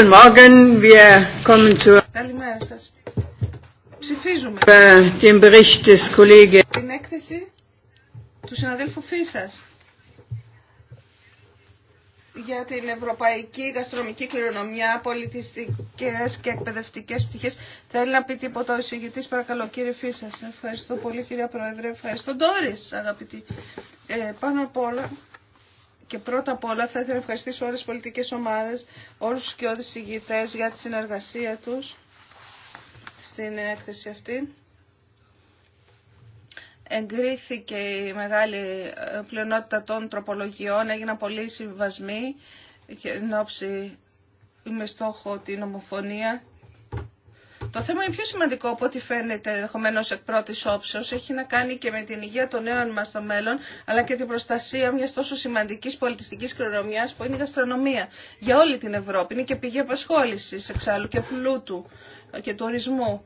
Καλημέρα σας. Ψηφίζουμε äh, την έκθεση του συναδέλφου Φίσας για την ευρωπαϊκή γαστρομική κληρονομιά, πολιτιστικές και εκπαιδευτικές πτυχές. Θέλει να πει τίποτα ο εισηγητής, παρακαλώ κύριε Φίσας. Ευχαριστώ πολύ κυρία Πρόεδρε, ευχαριστώ Ντόρις αγαπητή. Ε, πάνω απ' όλα και πρώτα απ' όλα θα ήθελα να ευχαριστήσω όλες τις πολιτικές ομάδες, όλους τους κοιόδης ηγητές για τη συνεργασία τους στην έκθεση αυτή. Εγκρίθηκε η μεγάλη ε, πλειονότητα των τροπολογιών, έγιναν πολλοί συμβασμοί και με στόχο την ομοφωνία το θέμα είναι πιο σημαντικό από ό,τι φαίνεται ενδεχομένω εκ πρώτη όψεω. Έχει να κάνει και με την υγεία των νέων μα στο μέλλον, αλλά και την προστασία μια τόσο σημαντική πολιτιστική κληρονομιά που είναι η γαστρονομία. Για όλη την Ευρώπη είναι και πηγή απασχόληση εξάλλου και πλούτου και τουρισμού.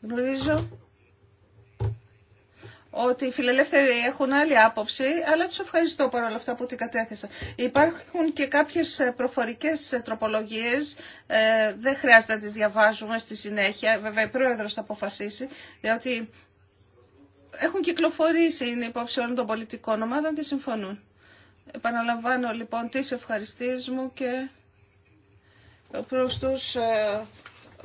Γνωρίζω ότι οι φιλελεύθεροι έχουν άλλη άποψη, αλλά του ευχαριστώ παρόλα αυτά που την κατέθεσα. Υπάρχουν και κάποιες ε, προφορικές ε, τροπολογίες, ε, δεν χρειάζεται να τις διαβάζουμε στη συνέχεια, βέβαια η Πρόεδρο θα αποφασίσει, διότι έχουν κυκλοφορήσει, είναι υπόψη όλων των πολιτικών ομάδων και συμφωνούν. Επαναλαμβάνω λοιπόν τι ευχαριστήσει μου και προς τους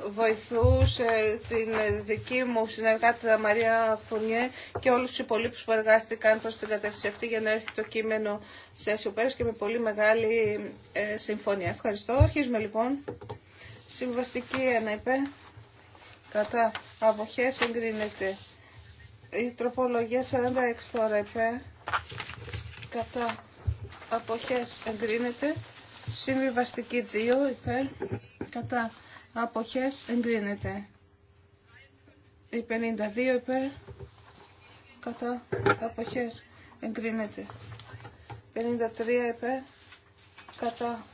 βοηθούσε την δική μου συνεργάτη Μαρία Φουνιέ και όλους τους υπολείπους που εργάστηκαν προς την κατεύθυνση αυτή για να έρθει το κείμενο σε ασιοπέρας και με πολύ μεγάλη ε, συμφωνία. Ευχαριστώ. Αρχίζουμε λοιπόν. Συμβαστική εναίπε, κατά αποχέ εγκρίνεται. Η τροπολογία 46 τώρα υπέρ κατά αποχές εγκρίνεται. Συμβιβαστική 2 υπέρ κατά αποχές εγκρίνεται. Η 52 είπε κατά αποχές εγκρίνεται. 53 είπε, κατά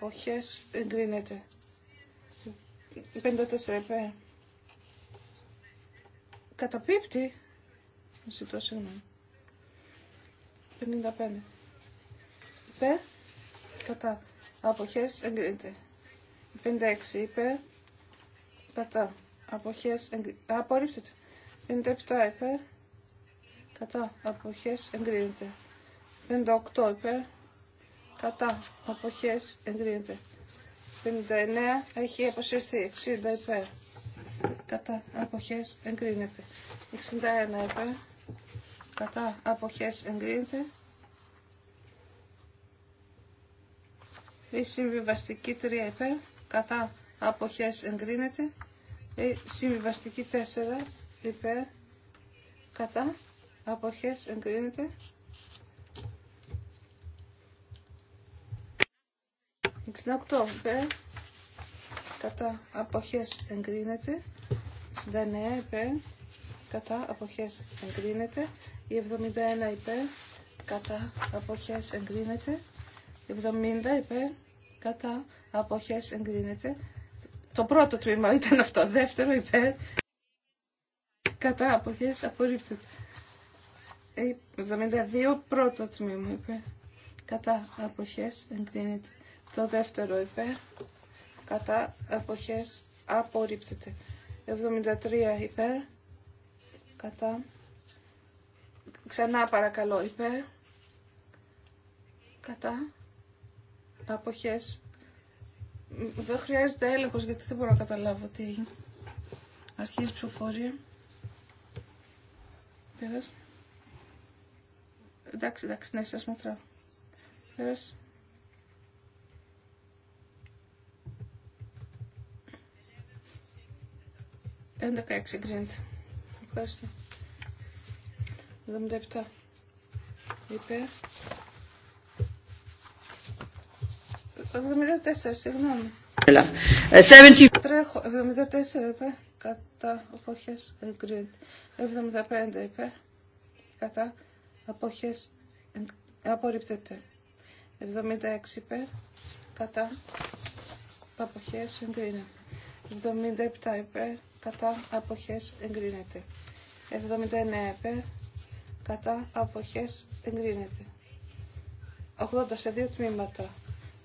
αποχές εγκρίνεται. 54 είπε. Καταπίπτει. Ζητώ συγγνώμη. 55. επε Κατά. Αποχές εγκρίνεται. 56 είπε κατά αποχές απορρίπτεται 57 είπε κατά αποχές εγκρίνεται 58 είπε κατά αποχές εγκρίνεται 59 έχει αποσυρθεί 60 είπε κατά αποχές εγκρίνεται 61 είπε κατά αποχές εγκρίνεται η συμβιβαστική 3 είπε κατά αποχές εγκρίνεται. Η ε, συμβιβαστική 4 υπέρ κατά αποχές εγκρίνεται. Η 68 υπέρ κατά αποχές εγκρίνεται. 69 υπέρ κατά αποχές εγκρίνεται. Η 71 υπέρ κατά αποχές εγκρίνεται. 70 υπέρ κατά αποχές εγκρίνεται. Το πρώτο τμήμα ήταν αυτό, δεύτερο υπέρ, κατά αποχές απορρίπτεται. 72 ε, πρώτο τμήμα υπέρ, κατά αποχές εγκρίνεται. Το δεύτερο υπέρ, κατά αποχές απορρίπτεται. 73 υπέρ, κατά, ξανά παρακαλώ υπέρ, κατά αποχές. Δεν χρειάζεται έλεγχο γιατί δεν μπορώ να καταλάβω τι έγινε. Αρχίζει η ψηφοφορία. Πέρασε. Εντάξει, εντάξει, ναι, σα μετράω. Πέρασε. Ένα 16 εγκρίνεται. Ευχαριστώ. 77. Υπέρ. 74, συγγνώμη. 70... Ε, Τρέχω, 74 είπε κατά αποχές εγκρίνεται. 75 είπε, κατά αποχές απορρίπτεται. 76 είπε, κατά αποχές εγκρίνεται. 77 είπε, κατά αποχές εγκρίνεται. 79 είπε, κατά αποχές εγκρίνεται. 80 σε δύο τμήματα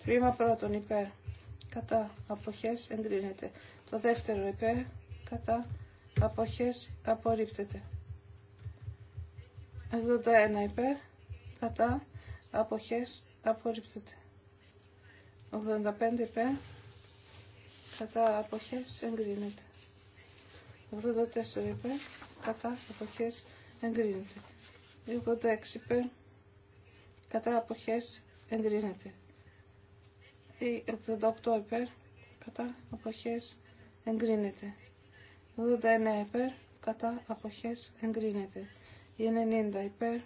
τρίμα πρώτον υπέρ κατά αποχές εγκρίνεται. Το δεύτερο υπέρ κατά αποχές απορρίπτεται. 81 υπέρ κατά αποχές απορρίπτεται. 85 υπέρ κατά αποχές εγκρίνεται. 84 υπέρ κατά αποχές εγκρίνεται. 86 υπέρ κατά αποχές εγκρίνεται. Η 88 υπέρ κατά αποχές εγκρίνεται. 89 υπέρ κατά αποχές εγκρίνεται. Η 90 υπέρ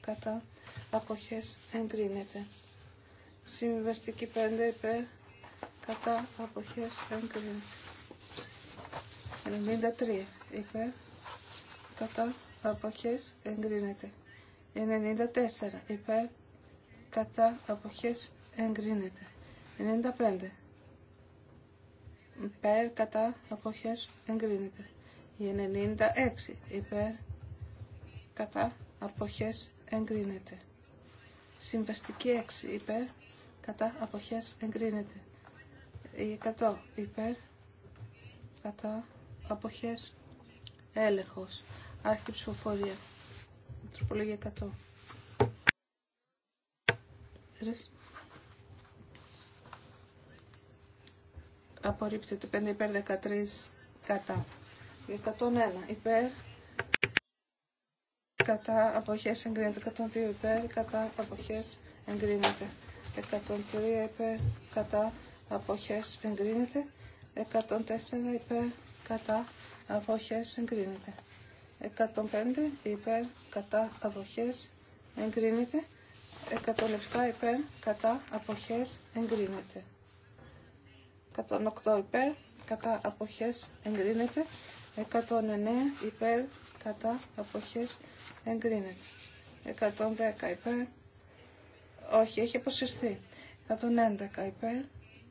κατά αποχές εγκρίνεται. Συμβιβαστική 5 υπέρ κατά αποχές εγκρίνεται. 93 υπέρ κατά αποχές εγκρίνεται. 94 υπέρ κατά αποχές εγκρίνεται. 95. Υπέρ κατά αποχές εγκρίνεται. 96. Υπέρ κατά αποχές εγκρίνεται. Συμβαστική 6. Υπέρ κατά αποχές εγκρίνεται. 100. Υπέρ κατά αποχές έλεγχος. Άρχη ψηφοφορία. Τροπολογία 100. απορρίπτεται 5 υπέρ 13 κατά. 101 υπέρ κατά αποχές εγκρίνεται 102 υπέρ κατά αποχές εγκρίνεται 103 υπέρ κατά αποχές εγκρίνεται 104 υπέρ κατά αποχές εγκρίνεται 105 υπέρ κατά αποχές εγκρίνεται 107 υπέρ κατά αποχές εγκρίνεται 108 υπέρ, κατά αποχές εγκρίνεται. 109 υπέρ, κατά αποχές εγκρίνεται. 110 υπέρ, όχι, έχει αποσυρθεί. 111 υπέρ,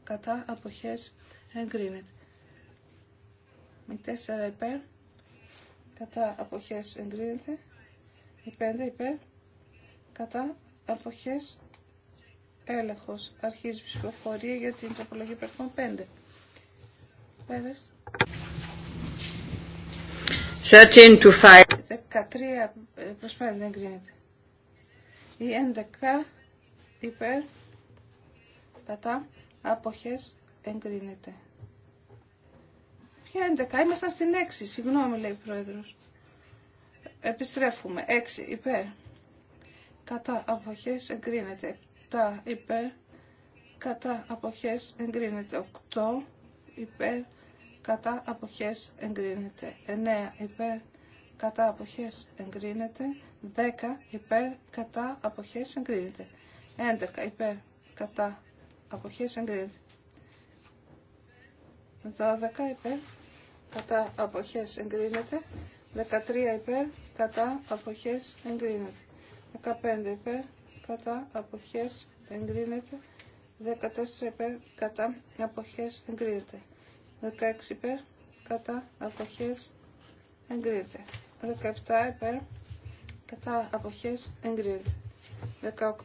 κατά αποχές εγκρίνεται. 4 υπέρ, κατά αποχές εγκρίνεται. 5 υπέρ, κατά αποχές Έλεγχο Αρχίζει ψηφοφορία για την τροπολογία υπερθών 5. Πέρας. 13 to 5. 13 ε, προς δεν κρίνεται. Η 11 υπέρ κατά αποχές εγκρίνεται. Ποια 11, ήμασταν στην 6, συγγνώμη λέει ο Πρόεδρος. Επιστρέφουμε, 6 υπέρ. Κατά αποχές εγκρίνεται. 7 υπέρ κατά αποχές εγκρίνεται 8 υπέρ κατά αποχές εγκρίνεται 9 υπέρ κατά αποχές εγκρίνεται 10 υπέρ κατά αποχές εγκρίνεται 11 υπέρ κατά αποχές εγκρίνεται 12 υπέρ κατά αποχές εγκρίνεται 13 υπέρ κατά αποχές εγκρίνεται 15 υπέρ κατά αποχές εγκρίνεται 14 υπέρ κατά αποχές εγκρίνεται 16 υπέρ κατά αποχές εγκρίνεται 17 υπέρ κατά αποχές εγκρίνεται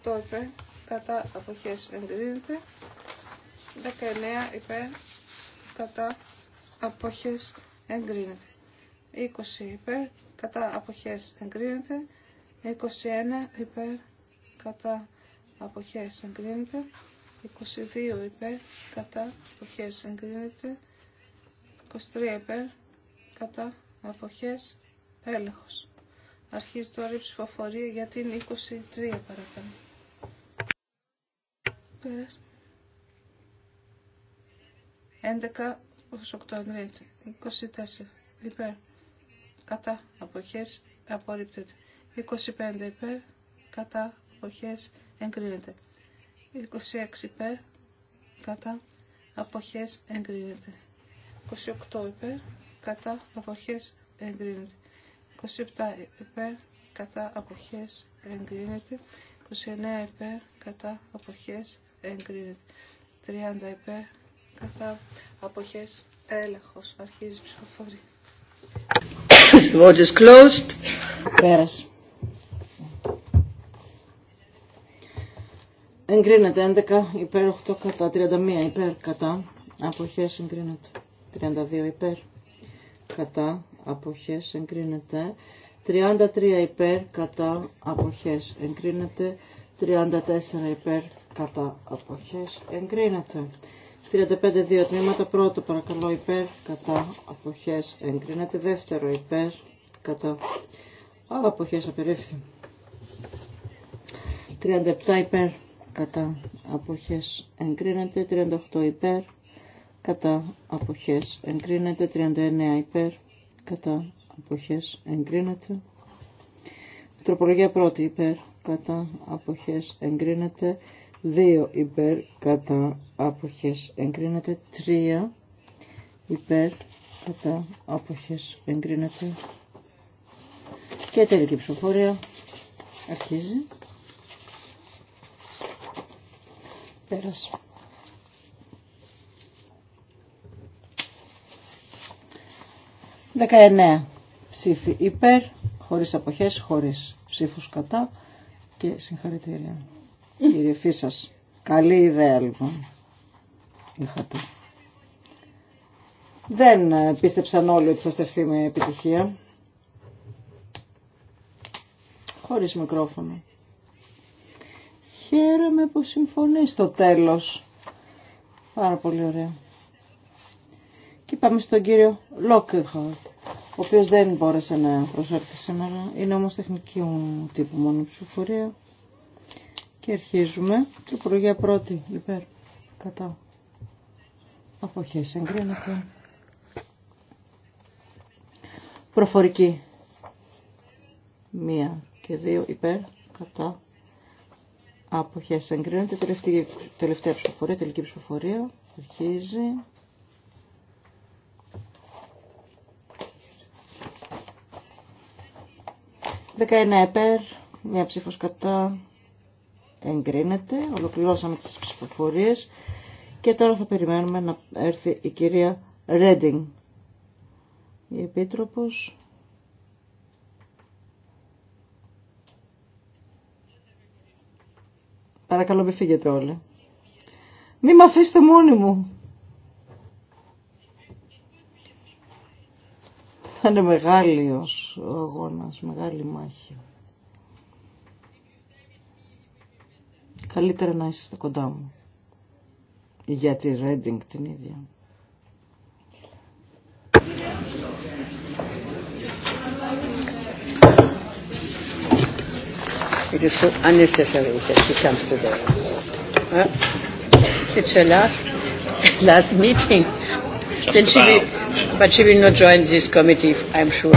18 υπέρ κατά αποχές εγκρίνεται 19 υπέρ κατά αποχές εγκρίνεται 20 υπέρ κατά αποχές εγκρίνεται 21 υπέρ κατά αποχές εγκρίνεται. 22 υπέρ κατά αποχές εγκρίνεται. 23 υπέρ κατά αποχές έλεγχος. Αρχίζει τώρα η ψηφοφορία για την 23 παρακαλώ. 11 ως 8 εγκρίνεται. 24 υπέρ κατά αποχές απορρίπτεται. 25 υπέρ κατά αποχές εγκρίνεται. 26 υπέρ κατά αποχές εγκρίνεται. 28 υπέρ κατά αποχές εγκρίνεται. 27 υπέρ κατά αποχές εγκρίνεται. 29 υπέρ κατά αποχές εγκρίνεται. 30 υπέρ κατά αποχές έλεγχος. Αρχίζει η ψηφοφορία. closed. Πέρασε. Εγκρίνεται 11 υπέρ 8 κατά, 31 υπέρ κατά, αποχές εγκρίνεται, 32 υπέρ κατά, αποχές εγκρίνεται, 33 υπέρ κατά, αποχές εγκρίνεται, 34 υπέρ κατά, αποχές εγκρίνεται. 35 δύο τμήματα, πρώτο παρακαλώ υπέρ κατά, αποχές εγκρίνεται, δεύτερο υπέρ κατά, αποχές απερίφθη. 37 υπέρ κατά αποχές εγκρίνεται 38 υπέρ κατά αποχές εγκρίνεται 39 υπέρ κατά αποχές εγκρίνεται τροπολογία πρώτη υπέρ κατά αποχές εγκρίνεται 2 υπέρ κατά αποχές εγκρίνεται 3 υπέρ κατά αποχές εγκρίνεται και τελική ψηφοφορία αρχίζει Πέρας. Δεκαεννέα ψήφι υπέρ, χωρίς αποχές, χωρίς ψήφους κατά και συγχαρητήρια. Κύριε Φίσας, καλή ιδέα λοιπόν είχατε. Δεν πίστεψαν όλοι ότι θα στεφθεί με επιτυχία. Χωρίς μικρόφωνο. Χαίρομαι που συμφωνεί στο τέλος. Πάρα πολύ ωραία. Και πάμε στον κύριο Λόκεχαρτ, ο οποίος δεν μπόρεσε να προσέλθει σήμερα. Είναι όμως τεχνική τύπου μόνο ψηφορία. Και αρχίζουμε. Τροπολογία πρώτη, υπέρ, κατά. Αποχές εγκρίνεται. Προφορική. Μία και δύο υπέρ, κατά. Αποχές εγκρίνεται. Τελευταία, τελευταία ψηφοφορία, τελική ψηφοφορία. Αρχίζει. Δεκαεννέα επέρ, μία ψήφος κατά εγκρίνεται. Ολοκληρώσαμε τις ψηφοφορίες και τώρα θα περιμένουμε να έρθει η κυρία Ρέντινγκ. Η Επίτροπος Παρακαλώ μη φύγετε όλοι. Μη με αφήσετε μόνη μου. Θα είναι μεγάλος ο αγώνας, μεγάλη μάχη. Καλύτερα να είσαστε κοντά μου. Για τη Ρέντινγκ την ίδια. It is so unnecessary to come today. Huh? It's her last last meeting. Then she will, but she will not join this committee, I'm sure.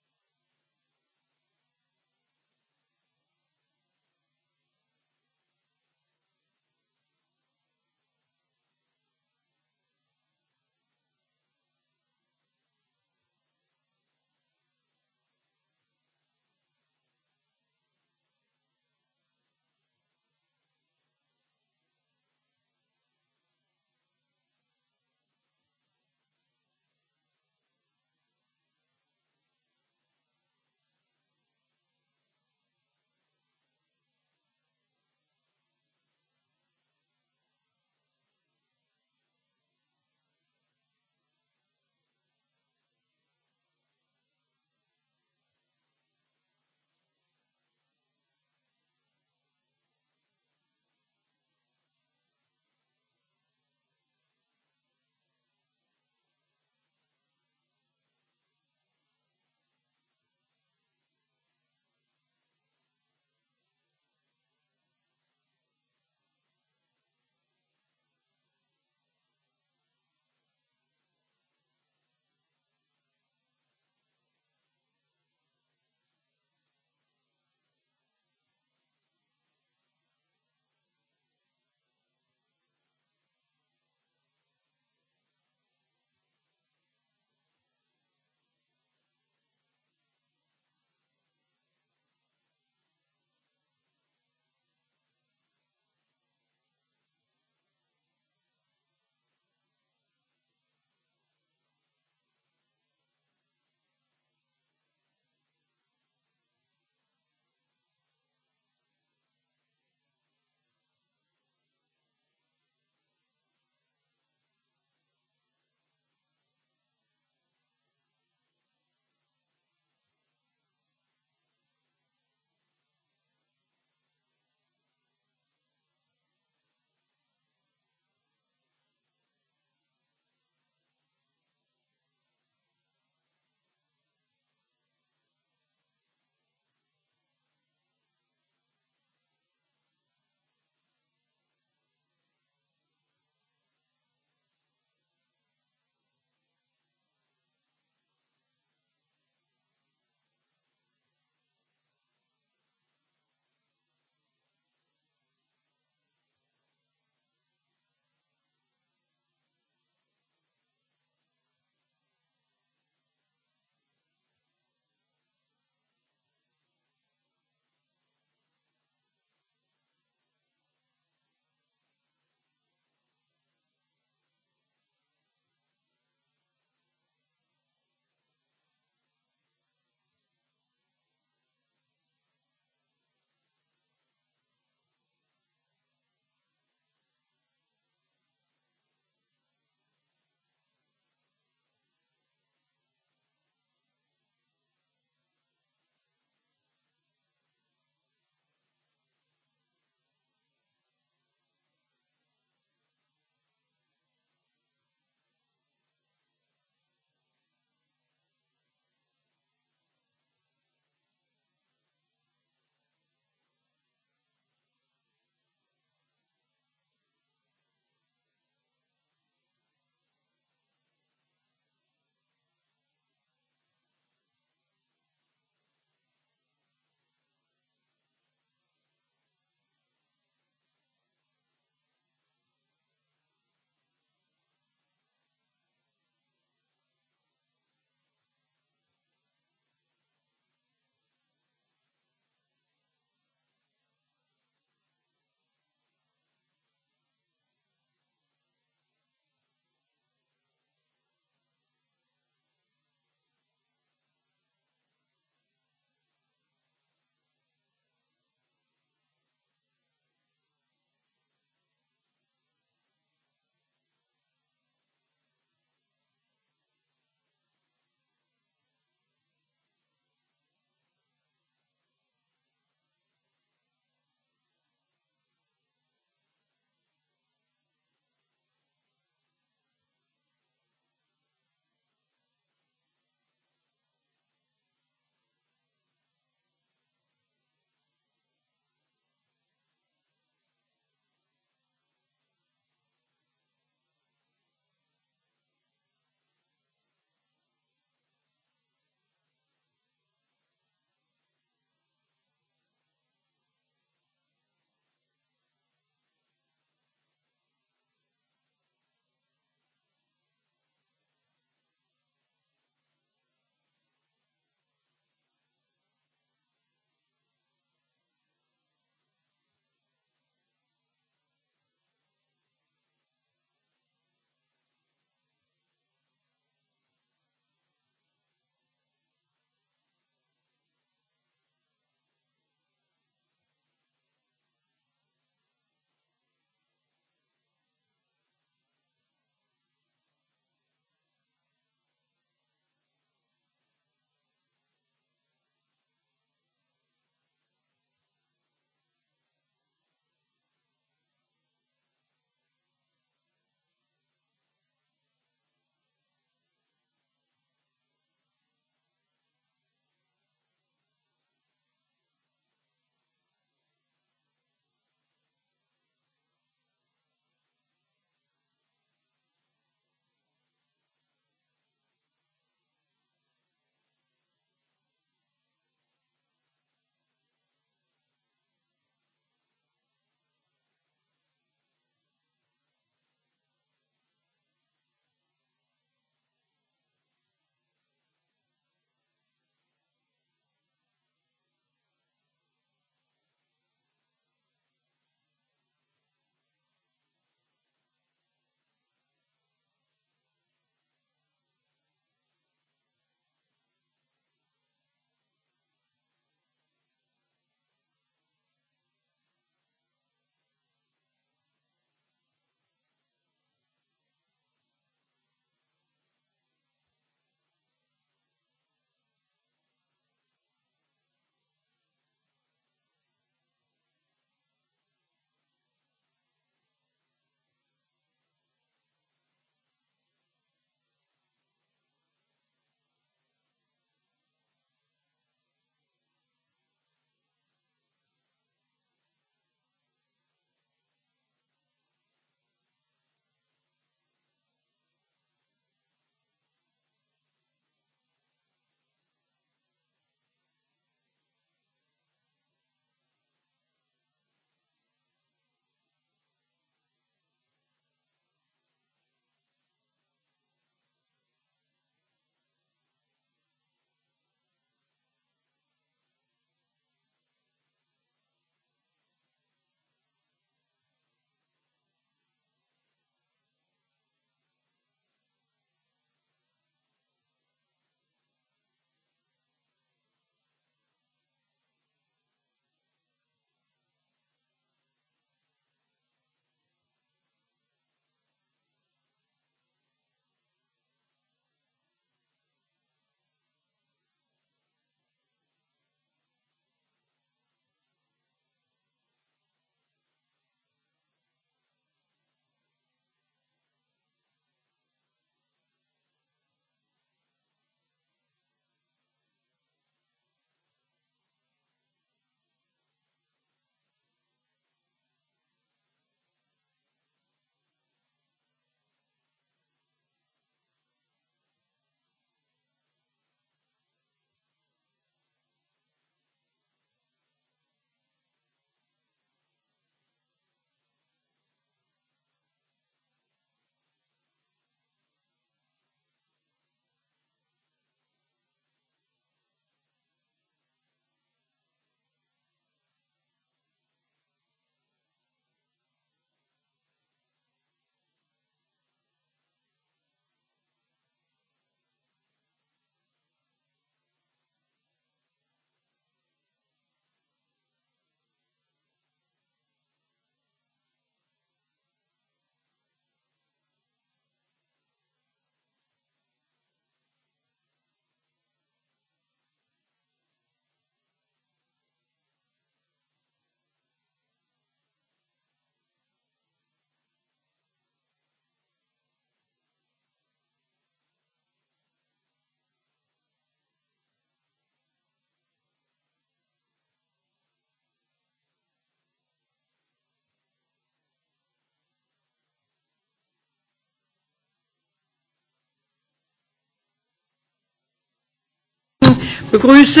begrüße,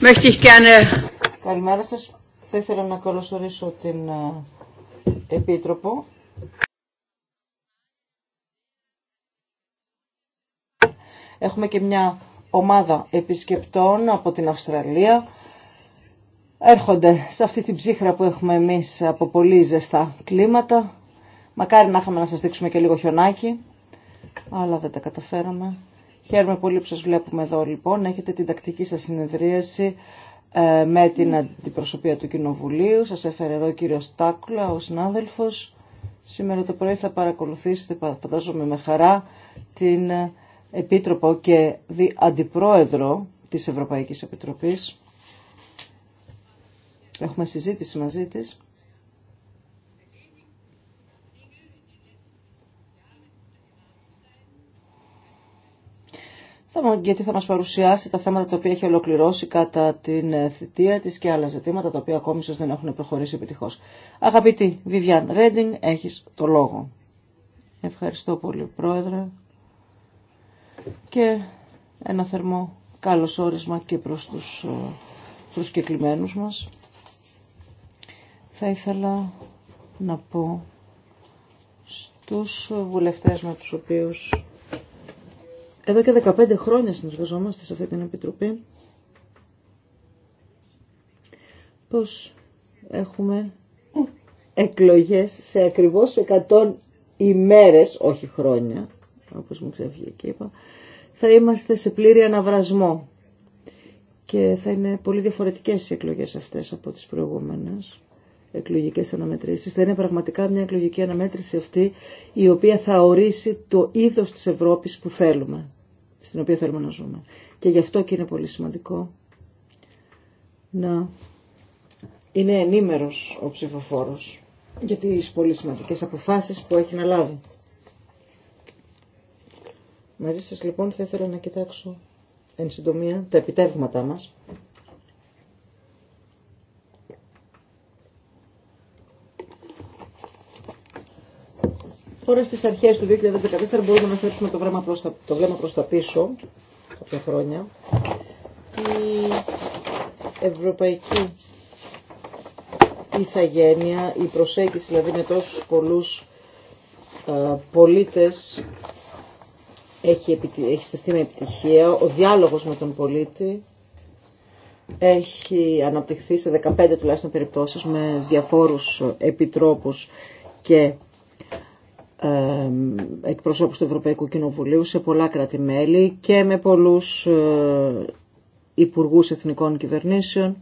möchte ich gerne... Καλημέρα σας. Θα ήθελα να καλωσορίσω την ε, Επίτροπο. Έχουμε και μια ομάδα επισκεπτών από την Αυστραλία. Έρχονται σε αυτή την ψύχρα που έχουμε εμείς από πολύ ζεστά κλίματα. Μακάρι να είχαμε να σας δείξουμε και λίγο χιονάκι, αλλά δεν τα καταφέραμε. Χαίρομαι πολύ που σας βλέπουμε εδώ λοιπόν. Έχετε την τακτική σας συνεδρίαση ε, με την αντιπροσωπεία του Κοινοβουλίου. Σας έφερε εδώ ο κύριος Τάκουλα, ο συνάδελφος. Σήμερα το πρωί θα παρακολουθήσετε, φαντάζομαι με χαρά, την ε, Επίτροπο και Αντιπρόεδρο της Ευρωπαϊκής Επιτροπής. Έχουμε συζήτηση μαζί της. γιατί θα μας παρουσιάσει τα θέματα τα οποία έχει ολοκληρώσει κατά την ε, θητεία της και άλλα ζητήματα τα οποία ακόμη σας δεν έχουν προχωρήσει επιτυχώς. Αγαπητή Βιβιάν Ρέντινγκ, έχεις το λόγο. Ευχαριστώ πολύ Πρόεδρε και ένα θερμό καλώς όρισμα και προς τους προσκεκλημένους ε, μας. Θα ήθελα να πω στους βουλευτές με τους οποίους εδώ και 15 χρόνια συνεργαζόμαστε σε αυτή την Επιτροπή. Πώς έχουμε εκλογές σε ακριβώς 100 ημέρες, όχι χρόνια, όπως μου ξέφυγε και είπα, θα είμαστε σε πλήρη αναβρασμό. Και θα είναι πολύ διαφορετικές οι εκλογές αυτές από τις προηγούμενες εκλογικές αναμετρήσεις. Θα είναι πραγματικά μια εκλογική αναμέτρηση αυτή η οποία θα ορίσει το είδος της Ευρώπης που θέλουμε στην οποία θέλουμε να ζούμε. Και γι' αυτό και είναι πολύ σημαντικό να είναι ενήμερος ο ψηφοφόρος για τις πολύ σημαντικές αποφάσεις που έχει να λάβει. Μαζί σας λοιπόν θα ήθελα να κοιτάξω εν συντομία τα επιτεύγματά μας Τώρα στις αρχές του 2014 μπορούμε να στρέψουμε το βλέμμα προς τα, το βλέμμα προς τα πίσω, κάποια χρόνια. Η ευρωπαϊκή ηθαγένεια, η προσέγγιση δηλαδή με τόσους πολλούς ε, πολίτες έχει, έχει στεφτεί με επιτυχία. Ο διάλογος με τον πολίτη έχει αναπτυχθεί σε 15 τουλάχιστον περιπτώσεις με διαφόρους επιτρόπους και εκπροσώπους του Ευρωπαϊκού Κοινοβουλίου σε πολλά κράτη-μέλη και με πολλούς ε, υπουργούς εθνικών κυβερνήσεων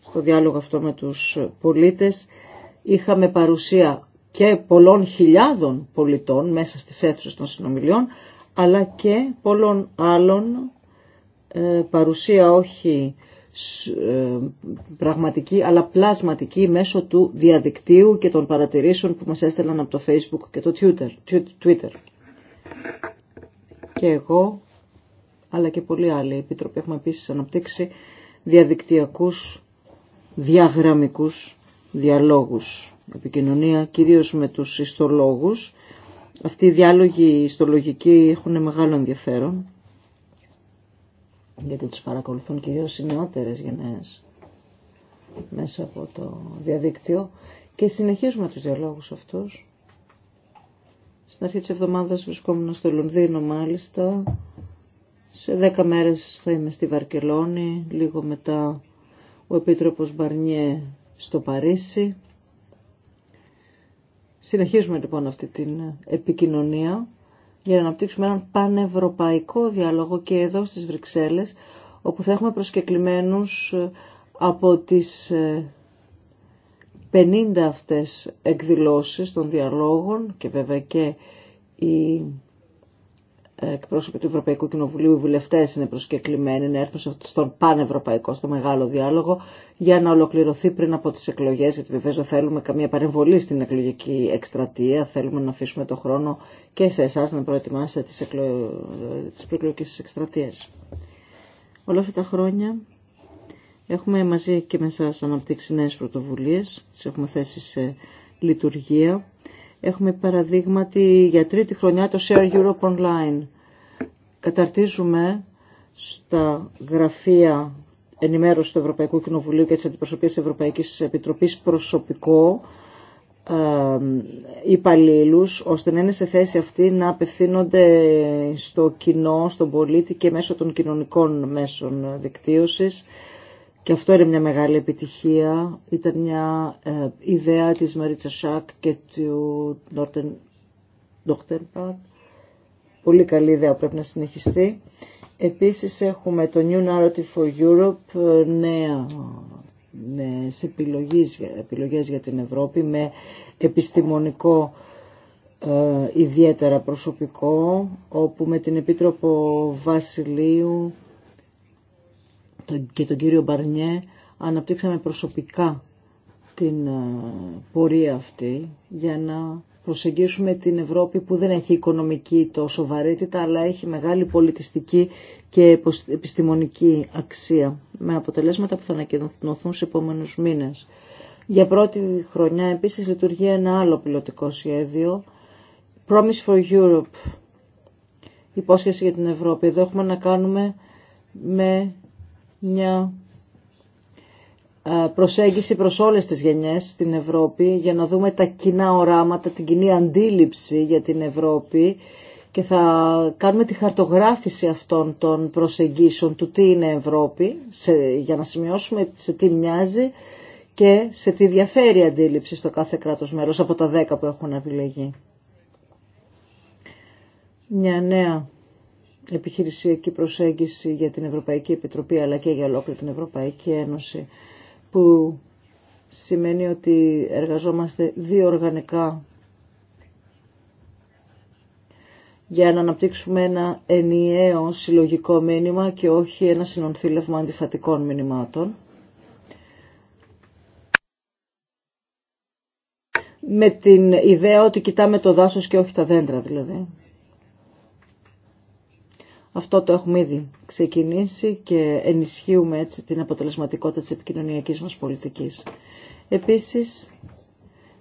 στο διάλογο αυτό με τους πολίτες. Είχαμε παρουσία και πολλών χιλιάδων πολιτών μέσα στις αίθουσες των συνομιλιών αλλά και πολλών άλλων ε, παρουσία όχι ε, πραγματική αλλά πλασματική μέσω του διαδικτύου και των παρατηρήσεων που μας έστελαν από το Facebook και το Twitter. Και εγώ, αλλά και πολλοί άλλοι επιτροποί έχουμε επίσης αναπτύξει διαδικτυακούς, διαγραμμικούς διαλόγους. Επικοινωνία κυρίως με τους ιστολόγους. Αυτοί οι διάλογοι ιστολογικοί έχουν μεγάλο ενδιαφέρον γιατί τους παρακολουθούν κυρίως οι νεότερες γενναίες μέσα από το διαδίκτυο και συνεχίζουμε τους διαλόγους αυτούς. Στην αρχή της εβδομάδας βρισκόμουν στο Λονδίνο μάλιστα. Σε δέκα μέρες θα είμαι στη Βαρκελόνη, λίγο μετά ο Επίτροπος Μπαρνιέ στο Παρίσι. Συνεχίζουμε λοιπόν αυτή την επικοινωνία για να αναπτύξουμε έναν πανευρωπαϊκό διάλογο και εδώ στις Βρυξέλλες, όπου θα έχουμε προσκεκλημένους ε, από τις 50 ε, αυτές εκδηλώσεις των διαλόγων και βέβαια και οι εκπρόσωποι του Ευρωπαϊκού Κοινοβουλίου, οι βουλευτέ είναι προσκεκλημένοι να έρθουν στον πανευρωπαϊκό, στο μεγάλο διάλογο, για να ολοκληρωθεί πριν από τι εκλογέ, γιατί βεβαίω δεν θέλουμε καμία παρεμβολή στην εκλογική εκστρατεία. Θέλουμε να αφήσουμε το χρόνο και σε εσά να προετοιμάσετε τι εκλο... προεκλογικέ εκστρατείε. Όλα αυτά τα χρόνια έχουμε μαζί και με εσά αναπτύξει νέε πρωτοβουλίε, τι έχουμε θέσει σε λειτουργία Έχουμε παραδείγματι για τρίτη χρονιά το Share Europe Online. Καταρτίζουμε στα γραφεία ενημέρωση του Ευρωπαϊκού Κοινοβουλίου και της Αντιπροσωπείας Ευρωπαϊκής Επιτροπής προσωπικό υπαλλήλου, ώστε να είναι σε θέση αυτοί να απευθύνονται στο κοινό, στον πολίτη και μέσω των κοινωνικών μέσων δικτύωσης και αυτό είναι μια μεγάλη επιτυχία. Ήταν μια ε, ιδέα της Μαρίτσα Σάκ και του Νόρτεν Ντοχτέρπατ. Πολύ καλή ιδέα πρέπει να συνεχιστεί. Επίσης έχουμε το New Narrative for Europe, ε, νέα, νέες επιλογές, επιλογές για την Ευρώπη με επιστημονικό ε, ιδιαίτερα προσωπικό, όπου με την Επίτροπο Βασιλείου και τον κύριο Μπαρνιέ αναπτύξαμε προσωπικά την ε, πορεία αυτή για να προσεγγίσουμε την Ευρώπη που δεν έχει οικονομική τόσο βαρύτητα αλλά έχει μεγάλη πολιτιστική και επιστημονική αξία με αποτελέσματα που θα ανακοινωθούν σε επόμενους μήνες. Για πρώτη χρονιά επίσης λειτουργεί ένα άλλο πιλωτικό σχέδιο Promise for Europe υπόσχεση για την Ευρώπη. Εδώ έχουμε να κάνουμε με μια ε, προσέγγιση προς όλες τις γενιές στην Ευρώπη για να δούμε τα κοινά οράματα, την κοινή αντίληψη για την Ευρώπη και θα κάνουμε τη χαρτογράφηση αυτών των προσεγγίσεων του τι είναι Ευρώπη σε, για να σημειώσουμε σε τι μοιάζει και σε τι διαφέρει η αντίληψη στο κάθε κράτος μέρος από τα δέκα που έχουν επιλεγεί. Μια νέα επιχειρησιακή προσέγγιση για την Ευρωπαϊκή Επιτροπή αλλά και για ολόκληρη την Ευρωπαϊκή Ένωση που σημαίνει ότι εργαζόμαστε διοργανικά για να αναπτύξουμε ένα ενιαίο συλλογικό μήνυμα και όχι ένα συνονθήλευμα αντιφατικών μηνυμάτων. Με την ιδέα ότι κοιτάμε το δάσος και όχι τα δέντρα δηλαδή. Αυτό το έχουμε ήδη ξεκινήσει και ενισχύουμε έτσι την αποτελεσματικότητα της επικοινωνιακής μας πολιτικής. Επίσης,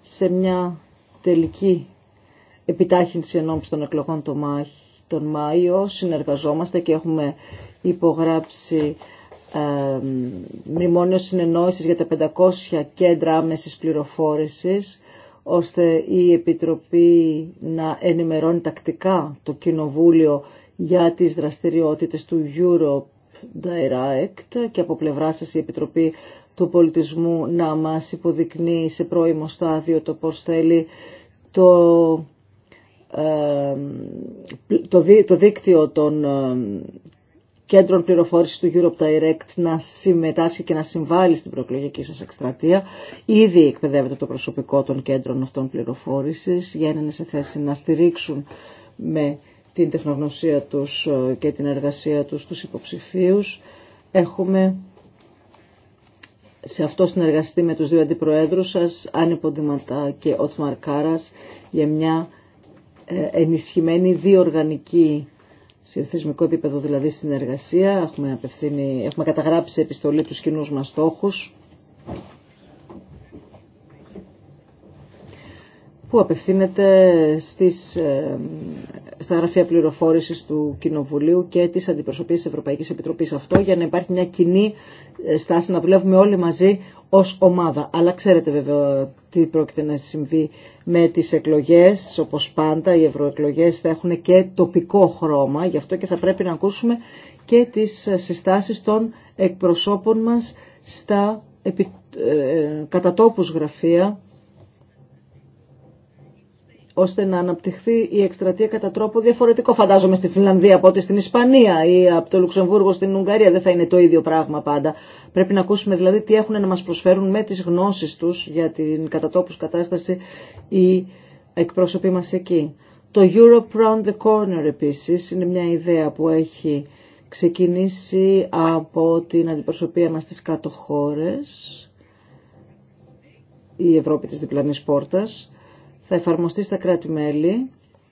σε μια τελική επιτάχυνση ενόψη των εκλογών τον Μάιο, συνεργαζόμαστε και έχουμε υπογράψει ε, μνημόνιο συνεννόησης για τα 500 κέντρα άμεσης πληροφόρησης, ώστε η Επιτροπή να ενημερώνει τακτικά το Κοινοβούλιο για τις δραστηριότητες του Europe Direct και από πλευρά σας η Επιτροπή του Πολιτισμού να μας υποδεικνύει σε πρώιμο στάδιο το πώς θέλει το, το, δίκτυο των κέντρων πληροφόρησης του Europe Direct να συμμετάσχει και να συμβάλλει στην προεκλογική σας εκστρατεία. Ήδη εκπαιδεύεται το προσωπικό των κέντρων αυτών πληροφόρησης για να είναι σε θέση να στηρίξουν με την τεχνογνωσία τους ε, και την εργασία τους τους υποψηφίους. Έχουμε σε αυτό συνεργαστεί με τους δύο αντιπροέδρους σας, Άννη Ποντιματά και Ότμαρ Κάρας, για μια ε, ενισχυμένη διοργανική σε επίπεδο δηλαδή συνεργασία. Έχουμε, απευθύνει, έχουμε καταγράψει επιστολή τους κοινού μας στόχους. που απευθύνεται στις ε, στα γραφεία πληροφόρηση του Κοινοβουλίου και τη Αντιπροσωπή τη Ευρωπαϊκής Επιτροπής. Αυτό για να υπάρχει μια κοινή ε, στάση, να δουλεύουμε όλοι μαζί ως ομάδα. Αλλά ξέρετε βέβαια τι πρόκειται να συμβεί με τις εκλογές, όπως πάντα οι ευρωεκλογέ θα έχουν και τοπικό χρώμα, γι' αυτό και θα πρέπει να ακούσουμε και τι συστάσει των εκπροσώπων μα στα ε, ε, κατατόπους γραφεία ώστε να αναπτυχθεί η εκστρατεία κατά τρόπο διαφορετικό. Φαντάζομαι στη Φιλανδία από ό,τι στην Ισπανία ή από το Λουξεμβούργο στην Ουγγαρία. Δεν θα είναι το ίδιο πράγμα πάντα. Πρέπει να ακούσουμε δηλαδή τι έχουν να μας προσφέρουν με τις γνώσεις τους για την κατατόπους κατάσταση οι εκπρόσωποι μας εκεί. Το Europe Round the Corner επίσης είναι μια ιδέα που έχει ξεκινήσει από την αντιπροσωπεία μας στις κάτω χώρες, η Ευρώπη της διπλανής πόρτας, θα εφαρμοστεί στα κράτη-μέλη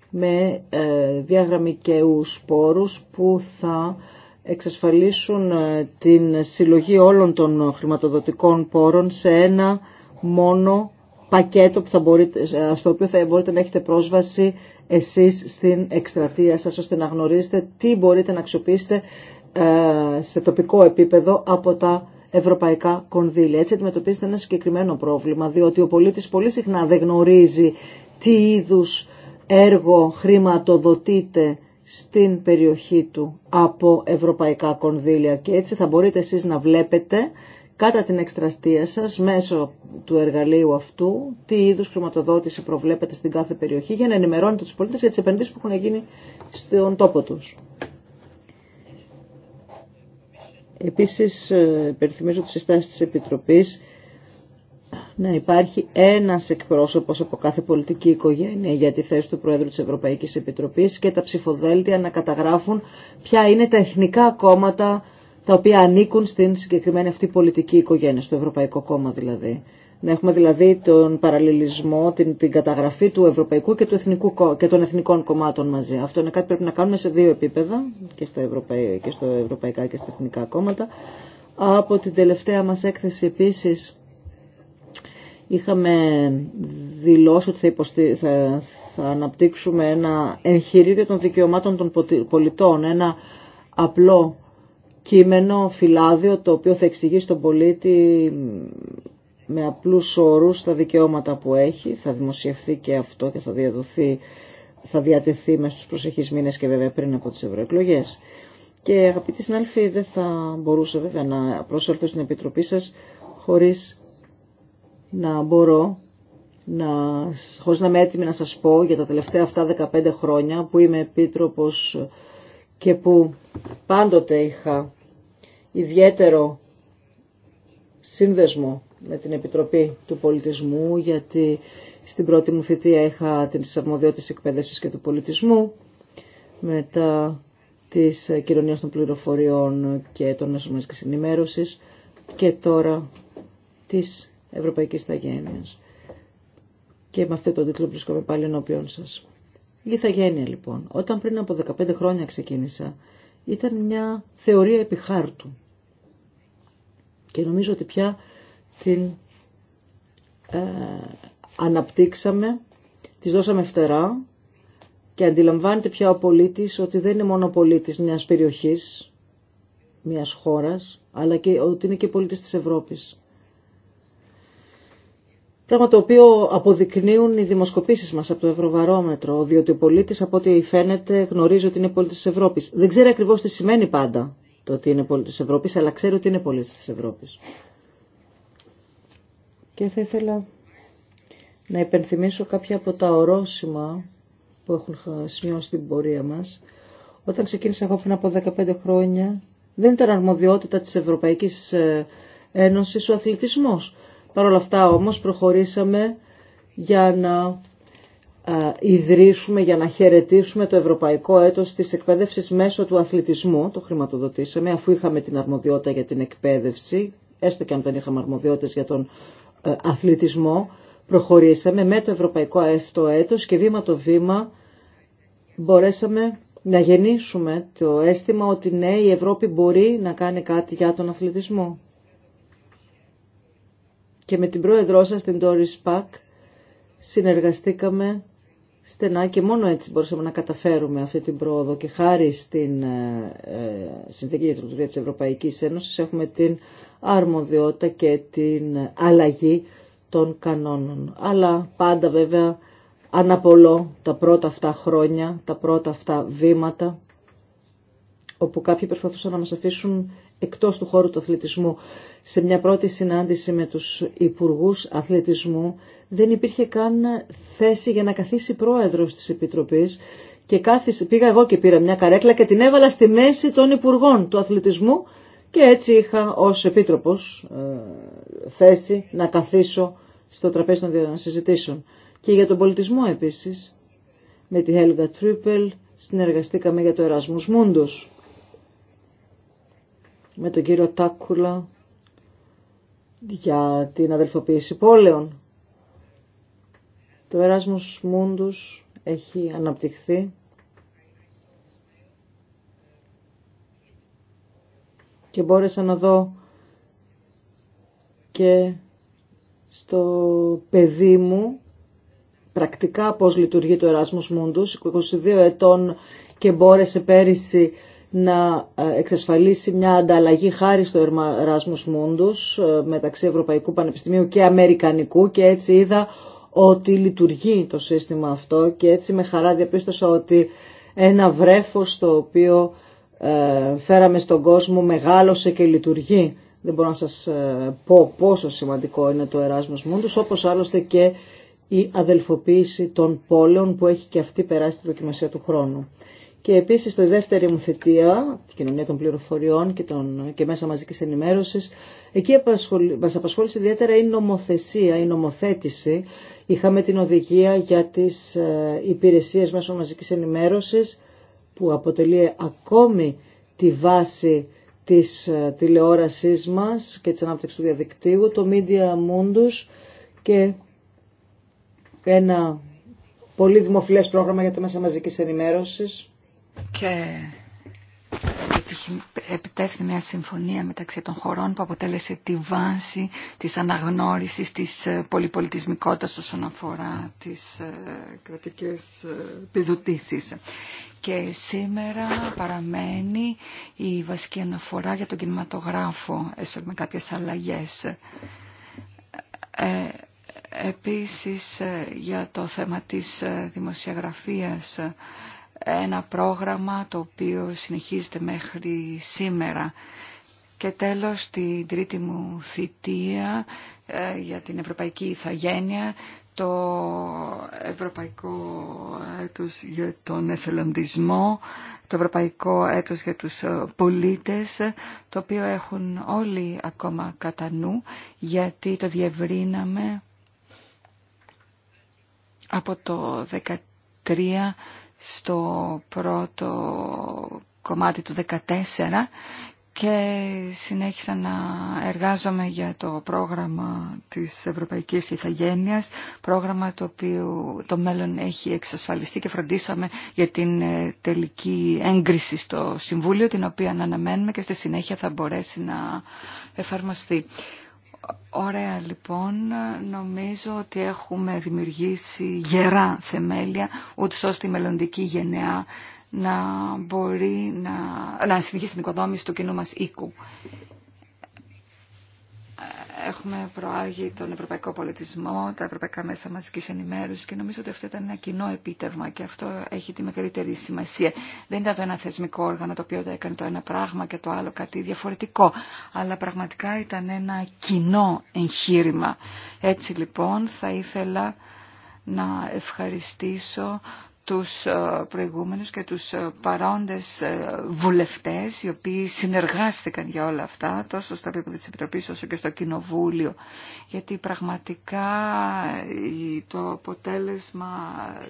με ε, διαγραμμικαίους πόρους που θα εξασφαλίσουν ε, την συλλογή όλων των χρηματοδοτικών πόρων σε ένα μόνο πακέτο θα μπορείτε, ε, στο οποίο θα μπορείτε να έχετε πρόσβαση εσείς στην εκστρατεία σας ώστε να γνωρίζετε τι μπορείτε να αξιοποιήσετε σε τοπικό επίπεδο από τα ευρωπαϊκά κονδύλια. Έτσι αντιμετωπίζεται ένα συγκεκριμένο πρόβλημα, διότι ο πολίτη πολύ συχνά δεν γνωρίζει τι είδους έργο χρηματοδοτείται στην περιοχή του από ευρωπαϊκά κονδύλια και έτσι θα μπορείτε εσείς να βλέπετε κατά την εκστραστία σας μέσω του εργαλείου αυτού τι είδους χρηματοδότηση προβλέπετε στην κάθε περιοχή για να ενημερώνετε τους πολίτες για τις επενδύσεις που έχουν γίνει στον τόπο τους. Επίσης, ε, περιθυμίζω τις συστάσεις της Επιτροπής να υπάρχει ένας εκπρόσωπος από κάθε πολιτική οικογένεια για τη θέση του Προέδρου της Ευρωπαϊκής Επιτροπής και τα ψηφοδέλτια να καταγράφουν ποια είναι τα εθνικά κόμματα τα οποία ανήκουν στην συγκεκριμένη αυτή πολιτική οικογένεια, στο Ευρωπαϊκό Κόμμα δηλαδή. Να έχουμε δηλαδή τον παραλληλισμό, την, την καταγραφή του ευρωπαϊκού και, του εθνικού, και των εθνικών κομμάτων μαζί. Αυτό είναι κάτι πρέπει να κάνουμε σε δύο επίπεδα, και, στο ευρωπαϊ, και ευρωπαϊκά και στα εθνικά κόμματα. Από την τελευταία μας έκθεση επίσης είχαμε δηλώσει ότι θα, θα... θα αναπτύξουμε ένα εγχειρίδιο των δικαιωμάτων των πολιτών, ένα απλό κείμενο, φυλάδιο, το οποίο θα εξηγεί στον πολίτη με απλούς όρους τα δικαιώματα που έχει. Θα δημοσιευθεί και αυτό και θα διαδοθεί, θα διατεθεί μέσα στους προσεχείς μήνες και βέβαια πριν από τις ευρωεκλογέ. Και αγαπητοί συνάλφοι, δεν θα μπορούσα βέβαια να προσέλθω στην Επιτροπή σας χωρίς να μπορώ να, χωρίς να είμαι έτοιμη να σας πω για τα τελευταία αυτά 15 χρόνια που είμαι επίτροπος και που πάντοτε είχα ιδιαίτερο σύνδεσμο με την Επιτροπή του Πολιτισμού, γιατί στην πρώτη μου θητεία είχα την αρμοδιότητα εκπαίδευση και του πολιτισμού, μετά τη κοινωνία των πληροφοριών και των ασφαλιστικής ενημέρωση και τώρα τη Ευρωπαϊκή Ιθαγένεια. Και με αυτό το τίτλο βρίσκομαι πάλι ενώπιον σα. Η Ιθαγένεια λοιπόν, όταν πριν από 15 χρόνια ξεκίνησα, ήταν μια θεωρία επιχάρτου. Και νομίζω ότι πια την ε, αναπτύξαμε, της δώσαμε φτερά και αντιλαμβάνεται πια ο πολίτης ότι δεν είναι μόνο ο πολίτης μιας περιοχής, μιας χώρας, αλλά και ότι είναι και πολίτης της Ευρώπης. Πράγμα το οποίο αποδεικνύουν οι δημοσκοπήσεις μας από το Ευρωβαρόμετρο, διότι ο πολίτης από ό,τι φαίνεται γνωρίζει ότι είναι πολίτης της Ευρώπης. Δεν ξέρει ακριβώς τι σημαίνει πάντα το ότι είναι πολίτης της Ευρώπης, αλλά ξέρει ότι είναι πολίτης της Ευρώπης. Και θα ήθελα να υπενθυμίσω κάποια από τα ορόσημα που έχουν σημειώσει την πορεία μας. Όταν ξεκίνησα εγώ πριν από 15 χρόνια, δεν ήταν αρμοδιότητα της Ευρωπαϊκής ε, Ένωσης ο αθλητισμός. Παρ' όλα αυτά όμως προχωρήσαμε για να ε, ιδρύσουμε, για να χαιρετήσουμε το Ευρωπαϊκό Έτος της Εκπαίδευσης μέσω του αθλητισμού. Το χρηματοδοτήσαμε αφού είχαμε την αρμοδιότητα για την εκπαίδευση, έστω και αν δεν είχαμε αρμοδιότητες για τον ε, αθλητισμό προχωρήσαμε με το ευρωπαϊκό αυτό έτος και βήμα το βήμα μπορέσαμε να γεννήσουμε το αίσθημα ότι ναι, η Ευρώπη μπορεί να κάνει κάτι για τον αθλητισμό. Και με την πρόεδρό σας, την Doris Πακ, συνεργαστήκαμε στενά και μόνο έτσι μπορούσαμε να καταφέρουμε αυτή την πρόοδο και χάρη στην ε, ε, Συνθήκη για τη Λειτουργία της Ευρωπαϊκής Ένωσης έχουμε την αρμοδιότητα και την αλλαγή των κανόνων. Αλλά πάντα βέβαια αναπολώ τα πρώτα αυτά χρόνια, τα πρώτα αυτά βήματα όπου κάποιοι προσπαθούσαν να μας αφήσουν εκτός του χώρου του αθλητισμού σε μια πρώτη συνάντηση με τους υπουργούς αθλητισμού δεν υπήρχε καν θέση για να καθίσει πρόεδρος της Επιτροπής και κάθισε, πήγα εγώ και πήρα μια καρέκλα και την έβαλα στη μέση των υπουργών του αθλητισμού και έτσι είχα ως επίτροπος ε, θέση να καθίσω στο τραπέζι των συζητήσεων. Και για τον πολιτισμό επίσης, με τη Helga Trüppel συνεργαστήκαμε για το Erasmus Mundus με τον κύριο Τάκουλα για την αδελφοποίηση πόλεων. Το Erasmus Mundus έχει αναπτυχθεί και μπόρεσα να δω και στο παιδί μου πρακτικά πώς λειτουργεί το Erasmus Mundus, 22 ετών και μπόρεσε πέρυσι να ε, εξασφαλίσει μια ανταλλαγή χάρη στο Erasmus Mundus ε, μεταξύ Ευρωπαϊκού Πανεπιστημίου και Αμερικανικού και έτσι είδα ότι λειτουργεί το σύστημα αυτό και έτσι με χαρά διαπίστωσα ότι ένα βρέφος το οποίο ε, φέραμε στον κόσμο μεγάλωσε και λειτουργεί. Δεν μπορώ να σας πω πόσο σημαντικό είναι το Erasmus Mundus, όπως άλλωστε και η αδελφοποίηση των πόλεων που έχει και αυτή περάσει τη δοκιμασία του χρόνου. Και επίσης το δεύτερη μου θετία, κοινωνία των πληροφοριών και, των, και μέσα μαζικής ενημέρωσης, εκεί απασχολη, μας απασχόλησε ιδιαίτερα η νομοθεσία, η νομοθέτηση. Είχαμε την οδηγία για τις ε, υπηρεσίες μέσω μαζικής ενημέρωσης, που αποτελεί ακόμη τη βάση της ε, τηλεόρασής μας και της ανάπτυξης του διαδικτύου, το Media Mundus και ένα πολύ δημοφιλές πρόγραμμα για τα μέσα μαζικής ενημέρωσης και επιτεύχθη μια συμφωνία μεταξύ των χωρών που αποτέλεσε τη βάση της αναγνώρισης της ε, πολυπολιτισμικότητας όσον αφορά τις ε, κρατικές ε, επιδοτήσεις. Και σήμερα παραμένει η βασική αναφορά για τον κινηματογράφο, έστω με κάποιες αλλαγές. Ε, επίσης για το θέμα της δημοσιογραφίας ένα πρόγραμμα το οποίο συνεχίζεται μέχρι σήμερα. Και τέλος, την τρίτη μου θητεία ε, για την Ευρωπαϊκή Ιθαγένεια, το Ευρωπαϊκό Έτος για τον Εθελοντισμό, το Ευρωπαϊκό Έτος για τους ε, Πολίτες, το οποίο έχουν όλοι ακόμα κατά νου, γιατί το διευρύναμε από το 2013 στο πρώτο κομμάτι του 14 και συνέχισα να εργάζομαι για το πρόγραμμα της Ευρωπαϊκής Ιθαγένειας, πρόγραμμα το οποίο το μέλλον έχει εξασφαλιστεί και φροντίσαμε για την ε, τελική έγκριση στο Συμβούλιο, την οποία αναμένουμε και στη συνέχεια θα μπορέσει να εφαρμοστεί. Ωραία λοιπόν, νομίζω ότι έχουμε δημιουργήσει γερά θεμέλια, ούτως ώστε η μελλοντική γενεά να μπορεί να, να συνεχίσει την οικοδόμηση του κοινού μας οίκου έχουμε προάγει τον ευρωπαϊκό πολιτισμό, τα ευρωπαϊκά μέσα μαζικής ενημέρωσης και νομίζω ότι αυτό ήταν ένα κοινό επίτευγμα και αυτό έχει τη μεγαλύτερη σημασία. Δεν ήταν το ένα θεσμικό όργανο το οποίο έκανε το ένα πράγμα και το άλλο κάτι διαφορετικό, αλλά πραγματικά ήταν ένα κοινό εγχείρημα. Έτσι λοιπόν θα ήθελα να ευχαριστήσω τους ε, προηγούμενους και τους ε, παρόντες ε, βουλευτές οι οποίοι συνεργάστηκαν για όλα αυτά τόσο στα επίπεδο της Επιτροπής όσο και στο Κοινοβούλιο γιατί πραγματικά το αποτέλεσμα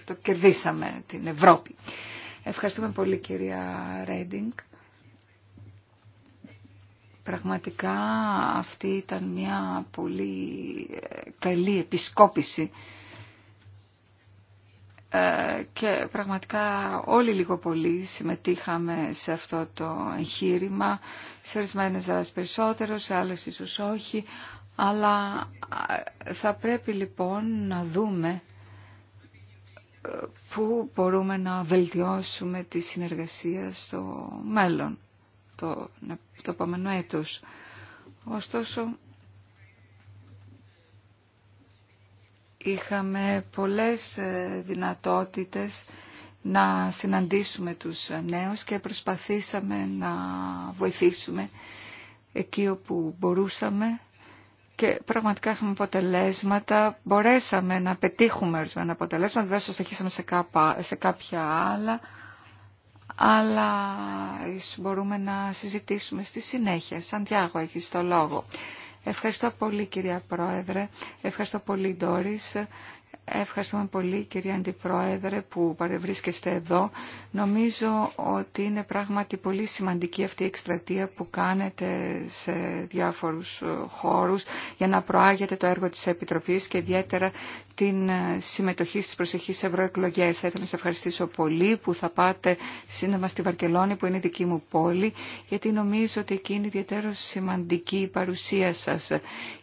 το κερδίσαμε την Ευρώπη. Ευχαριστούμε πολύ κυρία Ρέντινγκ. Πραγματικά αυτή ήταν μια πολύ καλή επισκόπηση ε, και πραγματικά όλοι λίγο πολύ συμμετείχαμε σε αυτό το εγχείρημα, σε ορισμένες δράσεις περισσότερο, σε άλλες ίσως όχι, αλλά ε, θα πρέπει λοιπόν να δούμε ε, πού μπορούμε να βελτιώσουμε τη συνεργασία στο μέλλον, το, το επόμενο έτος. Ωστόσο, είχαμε πολλές ε, δυνατότητες να συναντήσουμε τους νέους και προσπαθήσαμε να βοηθήσουμε εκεί όπου μπορούσαμε και πραγματικά είχαμε αποτελέσματα, μπορέσαμε να πετύχουμε ορισμένα αποτελέσματα, δεν στοχίσαμε σε, κάπα, σε κάποια άλλα, αλλά μπορούμε να συζητήσουμε στη συνέχεια. Σαν Διάγο έχει το λόγο. Ευχαριστώ πολύ κυρία Πρόεδρε, ευχαριστώ πολύ Ντόρις Ευχαριστούμε πολύ κυρία Αντιπρόεδρε που παρευρίσκεστε εδώ. Νομίζω ότι είναι πράγματι πολύ σημαντική αυτή η εκστρατεία που κάνετε σε διάφορους χώρους για να προάγετε το έργο της Επιτροπής και ιδιαίτερα την συμμετοχή στις προσεχείς ευρωεκλογέ. Θα ήθελα να σας ευχαριστήσω πολύ που θα πάτε σύντομα στη Βαρκελόνη που είναι η δική μου πόλη γιατί νομίζω ότι εκεί είναι ιδιαίτερα σημαντική η παρουσία σας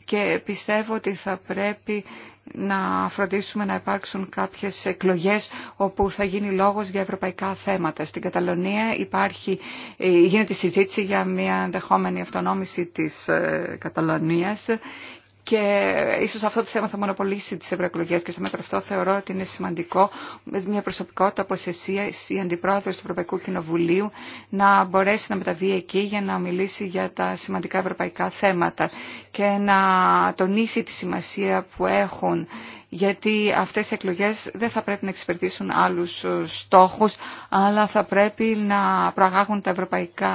και πιστεύω ότι θα πρέπει να φροντίσουμε να υπάρξουν κάποιες εκλογές όπου θα γίνει λόγος για ευρωπαϊκά θέματα. Στην Καταλωνία υπάρχει, ε, γίνεται συζήτηση για μια ενδεχόμενη αυτονόμηση της ε, Καταλωνίας και ίσως αυτό το θέμα θα μονοπολίσει τις ευρωεκλογές και στο μέτρο αυτό θεωρώ ότι είναι σημαντικό με μια προσωπικότητα όπω εσύ, η Αντιπρόεδρος του Ευρωπαϊκού Κοινοβουλίου να μπορέσει να μεταβεί εκεί για να μιλήσει για τα σημαντικά ευρωπαϊκά θέματα και να τονίσει τη σημασία που έχουν γιατί αυτές οι εκλογές δεν θα πρέπει να εξυπηρετήσουν άλλους ε, στόχους, αλλά θα πρέπει να προαγάγουν τα ευρωπαϊκά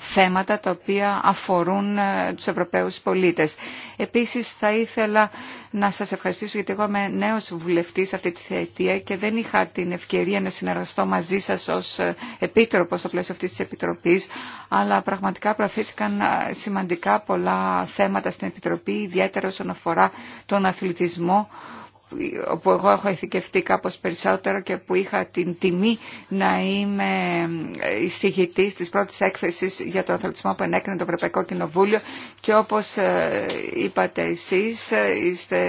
θέματα τα οποία αφορούν ε, τους Ευρωπαίους πολίτες. Επίσης θα ήθελα να σας ευχαριστήσω γιατί εγώ είμαι νέος βουλευτής αυτή τη θεατία και δεν είχα την ευκαιρία να συνεργαστώ μαζί σας ως ε, επίτροπος στο πλαίσιο αυτής της Επιτροπής, αλλά πραγματικά προωθήθηκαν σημαντικά πολλά θέματα στην Επιτροπή, ιδιαίτερα όσον αφορά τον αθλητισμό όπου εγώ έχω εθικευτεί κάπως περισσότερο και που είχα την τιμή να είμαι εισηγητής της πρώτης έκθεσης για τον αθλητισμό που ενέκρινε το Ευρωπαϊκό Κοινοβούλιο και όπως ε, είπατε εσείς ε, είστε...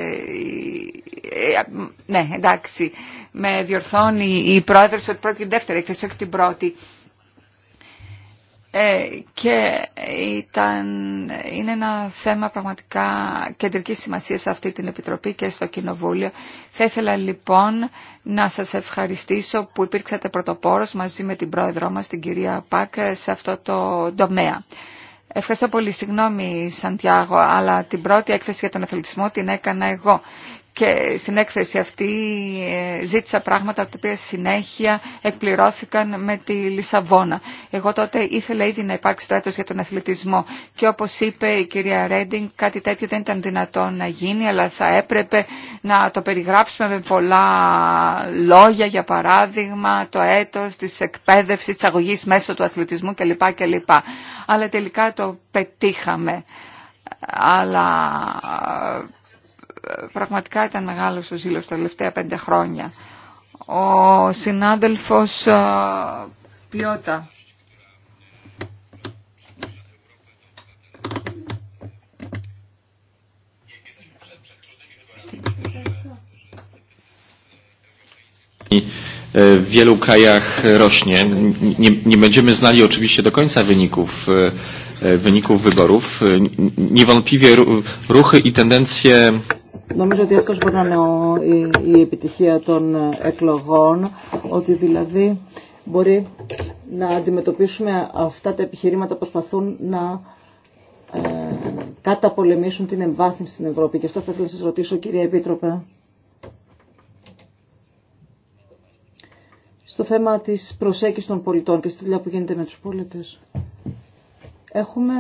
Ε, ναι, εντάξει, με διορθώνει η πρόεδρος ότι πρώτη και δεύτερη έκθεση, όχι την πρώτη. Ε, και ήταν, είναι ένα θέμα πραγματικά κεντρικής σημασίας σε αυτή την Επιτροπή και στο Κοινοβούλιο. Θα ήθελα λοιπόν να σας ευχαριστήσω που υπήρξατε πρωτοπόρος μαζί με την πρόεδρό μας, την κυρία Πακ, σε αυτό το τομέα. Ευχαριστώ πολύ. Συγγνώμη, Σαντιάγο, αλλά την πρώτη έκθεση για τον αθλητισμό την έκανα εγώ και στην έκθεση αυτή ε, ζήτησα πράγματα τα οποία συνέχεια εκπληρώθηκαν με τη Λισαβόνα. Εγώ τότε ήθελα ήδη να υπάρξει το έτος για τον αθλητισμό και όπως είπε η κυρία Ρέντινγκ κάτι τέτοιο δεν ήταν δυνατό να γίνει αλλά θα έπρεπε να το περιγράψουμε με πολλά λόγια για παράδειγμα το έτος της εκπαίδευση της αγωγής μέσω του αθλητισμού κλπ. κλπ. Αλλά τελικά το πετύχαμε. Αλλά πραγματικά ήταν μεγάλος ο ζήλος τα τελευταία πέντε χρόνια. Ο συνάδελφος Πιώτα. w wielu krajach rośnie. Nie, nie będziemy znali oczywiście do końca wyników, wyników wyborów. Niewątpliwie ruchy i tendencje Νομίζω ότι αυτός μπορεί να είναι ο, η, επιτυχία των εκλογών, ότι δηλαδή μπορεί να αντιμετωπίσουμε αυτά τα επιχειρήματα που προσπαθούν να ε, καταπολεμήσουν την εμβάθυνση στην Ευρώπη. Και αυτό θα ήθελα να σας ρωτήσω, κύριε Επίτροπε. Στο θέμα της προσέγγισης των πολιτών και στη δουλειά που γίνεται με τους πολίτες. Έχουμε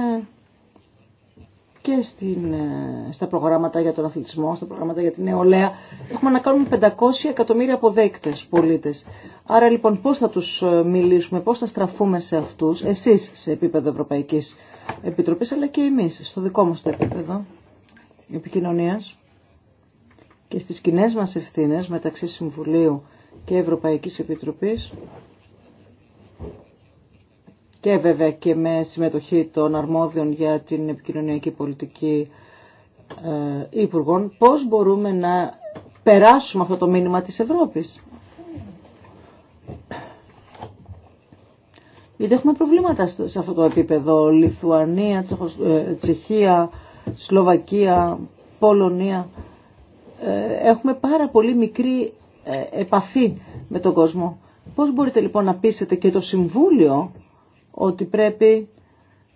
και ε, στα προγράμματα για τον αθλητισμό, στα προγράμματα για την νεολαία. Έχουμε να κάνουμε 500 εκατομμύρια αποδέκτες πολίτες. Άρα λοιπόν πώς θα τους ε, μιλήσουμε, πώς θα στραφούμε σε αυτούς, εσείς σε επίπεδο Ευρωπαϊκής Επιτροπής, αλλά και εμείς στο δικό μας το επίπεδο επικοινωνίας και στις κοινέ μας ευθύνες μεταξύ Συμβουλίου και Ευρωπαϊκής Επιτροπής και βέβαια και με συμμετοχή των αρμόδιων για την επικοινωνιακή πολιτική ε, υπουργών, πώς μπορούμε να περάσουμε αυτό το μήνυμα της Ευρώπης. Γιατί έχουμε προβλήματα σε αυτό το επίπεδο. Λιθουανία, ε, Τσεχία, Σλοβακία, Πολωνία. Ε, έχουμε πάρα πολύ μικρή ε, επαφή με τον κόσμο. Πώς μπορείτε λοιπόν να πείσετε και το Συμβούλιο ότι πρέπει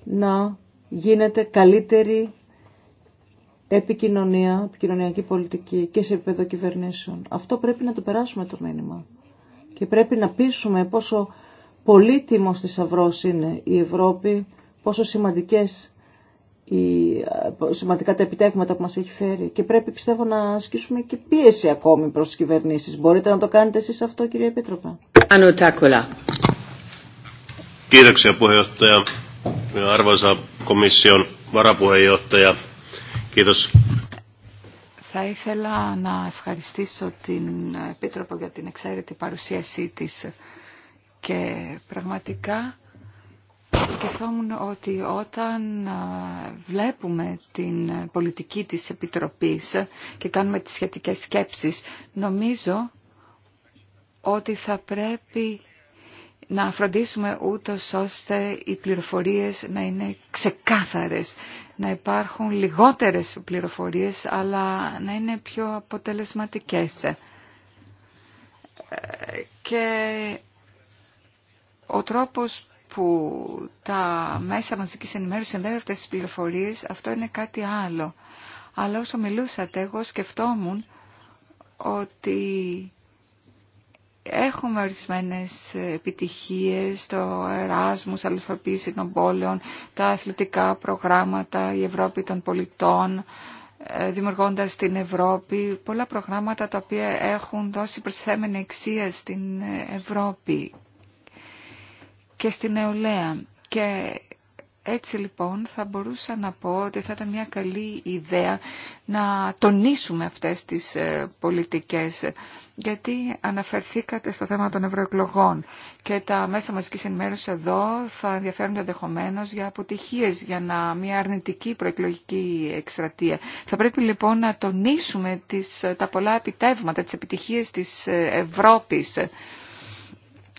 να γίνεται καλύτερη επικοινωνία, επικοινωνιακή πολιτική και σε επίπεδο κυβερνήσεων. Αυτό πρέπει να το περάσουμε το μήνυμα. Και πρέπει να πείσουμε πόσο πολύτιμος αυρός είναι η Ευρώπη, πόσο σημαντικές οι, σημαντικά τα επιτεύγματα που μας έχει φέρει και πρέπει πιστεύω να ασκήσουμε και πίεση ακόμη προς τις κυβερνήσεις. Μπορείτε να το κάνετε εσείς αυτό κύριε Επίτροπε. Kiitoksia ja Kiitos. Θα ήθελα να ευχαριστήσω την Επίτροπο για την εξαίρετη παρουσίασή της και πραγματικά σκεφτόμουν ότι όταν βλέπουμε την πολιτική της Επιτροπής και κάνουμε τις σχετικές σκέψεις, νομίζω ότι θα πρέπει να φροντίσουμε ούτως ώστε οι πληροφορίες να είναι ξεκάθαρες, να υπάρχουν λιγότερες πληροφορίες αλλά να είναι πιο αποτελεσματικές. Ε, και ο τρόπος που τα μέσα μαζικής ενημέρωσης ενδέχεται αυτές τις πληροφορίες, αυτό είναι κάτι άλλο. Αλλά όσο μιλούσατε, εγώ σκεφτόμουν ότι Έχουμε ορισμένε επιτυχίες, το Εράσμους, αλφαποίηση των πόλεων, τα αθλητικά προγράμματα, η Ευρώπη των πολιτών, ε, δημιουργώντας την Ευρώπη, πολλά προγράμματα τα οποία έχουν δώσει προσθέμενη αξία στην Ευρώπη και στην νεολαία. Και έτσι λοιπόν θα μπορούσα να πω ότι θα ήταν μια καλή ιδέα να τονίσουμε αυτές τις ε, πολιτικές γιατί αναφερθήκατε στο θέμα των ευρωεκλογών και τα μέσα μαζικής ενημέρωσης εδώ θα ενδιαφέρονται ενδεχομένω για αποτυχίες, για μια αρνητική προεκλογική εκστρατεία. Θα πρέπει λοιπόν να τονίσουμε τις, τα πολλά επιτεύγματα, τις επιτυχίες της ε, Ευρώπης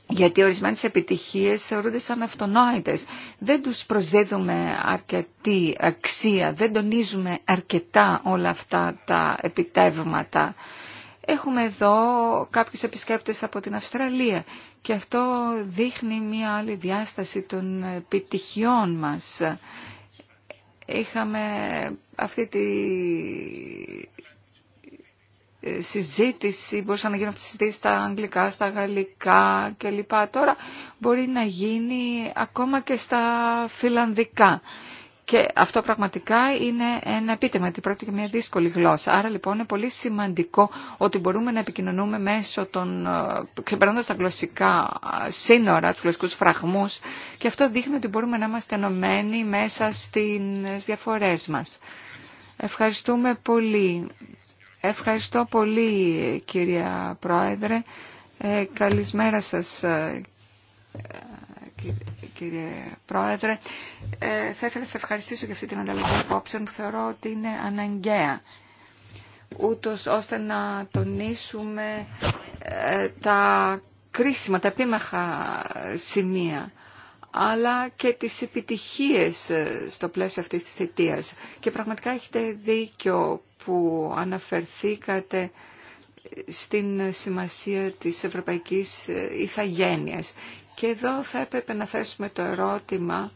γιατί ορισμένες επιτυχίες θεωρούνται σαν αυτονόητες. Δεν τους προσδίδουμε αρκετή αξία, δεν τονίζουμε αρκετά όλα αυτά τα επιτεύγματα. Έχουμε εδώ κάποιους επισκέπτες από την Αυστραλία και αυτό δείχνει μία άλλη διάσταση των επιτυχιών μας. Είχαμε αυτή τη ε, συζήτηση, μπορούσαν να γίνουν αυτές τις συζητήσεις στα αγγλικά, στα γαλλικά κλπ. Τώρα μπορεί να γίνει ακόμα και στα φιλανδικά. Και αυτό πραγματικά είναι ένα επίτευγμα, γιατί πρόκειται για μια δύσκολη γλώσσα. Άρα λοιπόν είναι πολύ σημαντικό ότι μπορούμε να επικοινωνούμε μέσω των. Ε, ξεπερνώντα τα γλωσσικά ε, σύνορα, του γλωσσικού φραγμού. Και αυτό δείχνει ότι μπορούμε να είμαστε ενωμένοι μέσα στι διαφορέ μα. Ευχαριστούμε πολύ. Ευχαριστώ πολύ κυρία Πρόεδρε. Ε, καλησμέρα σας ε, κύριε Πρόεδρε. Ε, θα ήθελα να σας ευχαριστήσω για αυτή την ανταλλαγή απόψεων που θεωρώ ότι είναι αναγκαία ούτως ώστε να τονίσουμε ε, τα κρίσιμα, τα επίμαχα σημεία αλλά και τις επιτυχίες ε, στο πλαίσιο αυτής της θητείας. Και πραγματικά έχετε δίκιο που αναφερθήκατε στην σημασία της ευρωπαϊκής ηθαγένειας. Και εδώ θα έπρεπε να θέσουμε το ερώτημα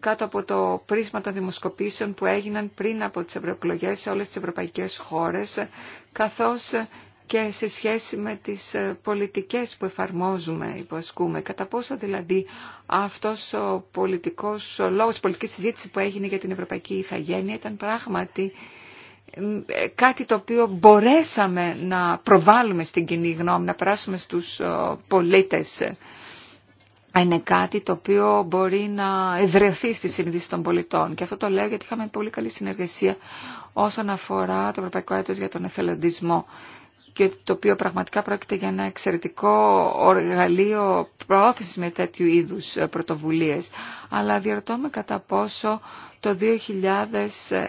κάτω από το πρίσμα των δημοσκοπήσεων που έγιναν πριν από τις ευρωεκλογέ σε όλες τις ευρωπαϊκές χώρες, καθώς και σε σχέση με τις πολιτικές που εφαρμόζουμε, που ασκούμε. Κατά πόσο δηλαδή αυτός ο πολιτικός ο λόγος, η πολιτική συζήτηση που έγινε για την ευρωπαϊκή ηθαγένεια ήταν πράγματι κάτι το οποίο μπορέσαμε να προβάλλουμε στην κοινή γνώμη, να περάσουμε στους ε, πολίτες. Είναι κάτι το οποίο μπορεί να εδρεωθεί στη συνείδηση των πολιτών. Και αυτό το λέω γιατί είχαμε πολύ καλή συνεργασία όσον αφορά το Ευρωπαϊκό Έτος για τον Εθελοντισμό και το οποίο πραγματικά πρόκειται για ένα εξαιρετικό εργαλείο προώθηση με τέτοιου είδους ε, πρωτοβουλίες. Αλλά διαρωτώ με κατά πόσο το 2011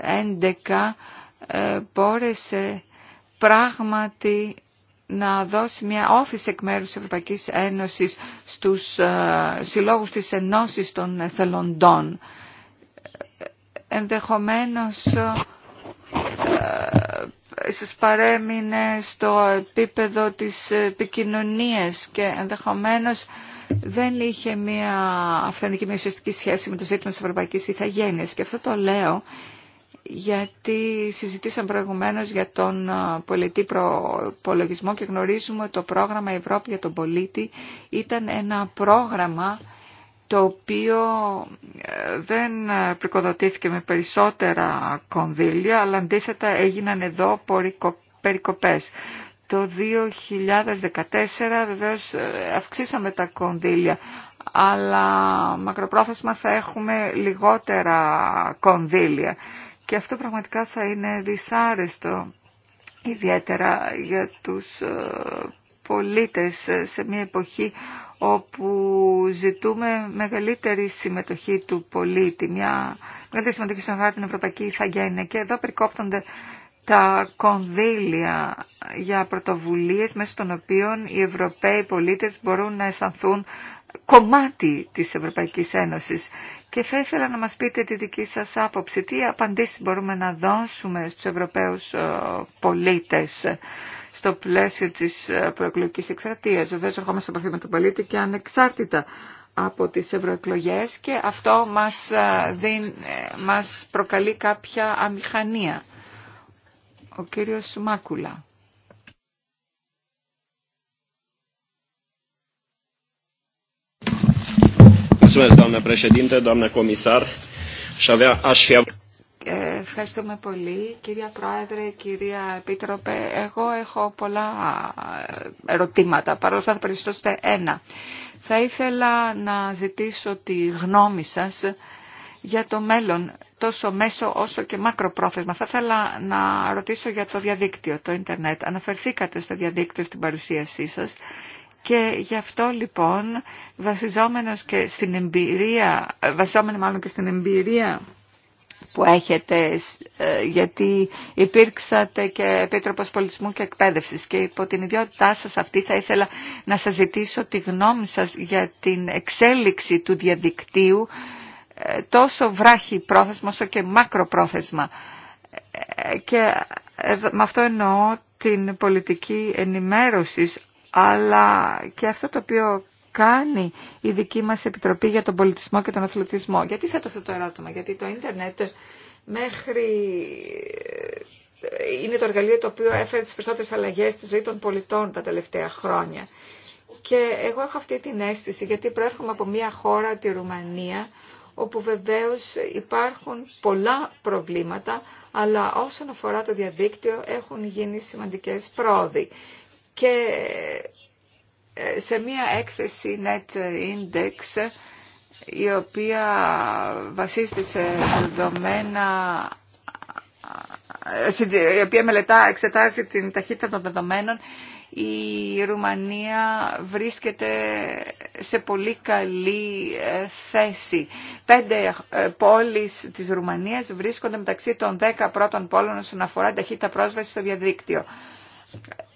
ε, μπόρεσε πράγματι να δώσει μια όφηση εκ μέρους της Ευρωπαϊκής Ένωσης στους ε, συλλόγους της Ενώσης των Εθελοντών. Ενδεχομένως ε, ίσως παρέμεινε στο επίπεδο της επικοινωνία και ενδεχομένως δεν είχε μια αυθεντική μια σχέση με το ζήτημα της Ευρωπαϊκής Ιθαγένειας. Και αυτό το λέω γιατί συζητήσαμε προηγουμένως για τον πολιτή προπολογισμό και γνωρίζουμε το πρόγραμμα Ευρώπη για τον πολίτη ήταν ένα πρόγραμμα το οποίο ε, δεν ε, πρικοδοτήθηκε με περισσότερα κονδύλια, αλλά αντίθετα έγιναν εδώ περικοπές. Το 2014 βεβαίως ε, αυξήσαμε τα κονδύλια, αλλά μακροπρόθεσμα θα έχουμε λιγότερα κονδύλια. Και αυτό πραγματικά θα είναι δυσάρεστο, ιδιαίτερα για τους ε, πολίτες σε μια εποχή όπου ζητούμε μεγαλύτερη συμμετοχή του πολίτη, μια μεγαλύτερη συμμετοχή στον την Ευρωπαϊκή Ιθαγένεια. Και εδώ περικόπτονται τα κονδύλια για πρωτοβουλίες μέσω των οποίων οι Ευρωπαίοι πολίτες μπορούν να αισθανθούν κομμάτι της Ευρωπαϊκής Ένωσης και θα ήθελα να μας πείτε τη δική σας άποψη. Τι απαντήσεις μπορούμε να δώσουμε στους Ευρωπαίους ε, πολίτες στο πλαίσιο της ε, προεκλογικής εξαρτίας. Βεβαίως ερχόμαστε σε επαφή με τον πολίτη και ανεξάρτητα από τις ευρωεκλογέ και αυτό μας, ε, μας προκαλεί κάποια αμηχανία. Ο κύριος Μάκουλα. Ε, ευχαριστούμε πολύ. Κυρία Πρόεδρε, κυρία Επίτροπε, εγώ έχω πολλά ε, ερωτήματα, παρόλο που θα περισσότερο ένα. Θα ήθελα να ζητήσω τη γνώμη σας για το μέλλον, τόσο μέσο όσο και μακροπρόθεσμα. Θα ήθελα να ρωτήσω για το διαδίκτυο, το ίντερνετ. Αναφερθήκατε στο διαδίκτυο στην παρουσίασή σας και γι' αυτό λοιπόν βασιζόμενος και στην εμπειρία, βασιζόμενο μάλλον και στην εμπειρία που έχετε, ε, γιατί υπήρξατε και Επίτροπος Πολιτισμού και Εκπαίδευσης και υπό την ιδιότητά σας αυτή θα ήθελα να σας ζητήσω τη γνώμη σας για την εξέλιξη του διαδικτύου ε, τόσο βράχη πρόθεσμα όσο και μακροπρόθεσμα. Ε, και με αυτό εννοώ την πολιτική ενημέρωσης αλλά και αυτό το οποίο κάνει η δική μας Επιτροπή για τον Πολιτισμό και τον Αθλητισμό. Γιατί θέτω αυτό το ερώτημα, γιατί το ίντερνετ μέχρι ε, είναι το εργαλείο το οποίο έφερε τις περισσότερες αλλαγές στη ζωή των πολιτών τα τελευταία χρόνια. Και εγώ έχω αυτή την αίσθηση, γιατί προέρχομαι από μια χώρα, τη Ρουμανία, όπου βεβαίως υπάρχουν πολλά προβλήματα, αλλά όσον αφορά το διαδίκτυο έχουν γίνει σημαντικές πρόοδοι. Και ε, σε μία έκθεση Net Index η οποία βασίζεται σε δεδομένα η οποία μελετά, εξετάζει την ταχύτητα των δεδομένων η Ρουμανία βρίσκεται σε πολύ καλή ε, θέση. Πέντε ε, πόλεις της Ρουμανίας βρίσκονται μεταξύ των δέκα πρώτων πόλων όσον αφορά ταχύτητα πρόσβαση στο διαδίκτυο.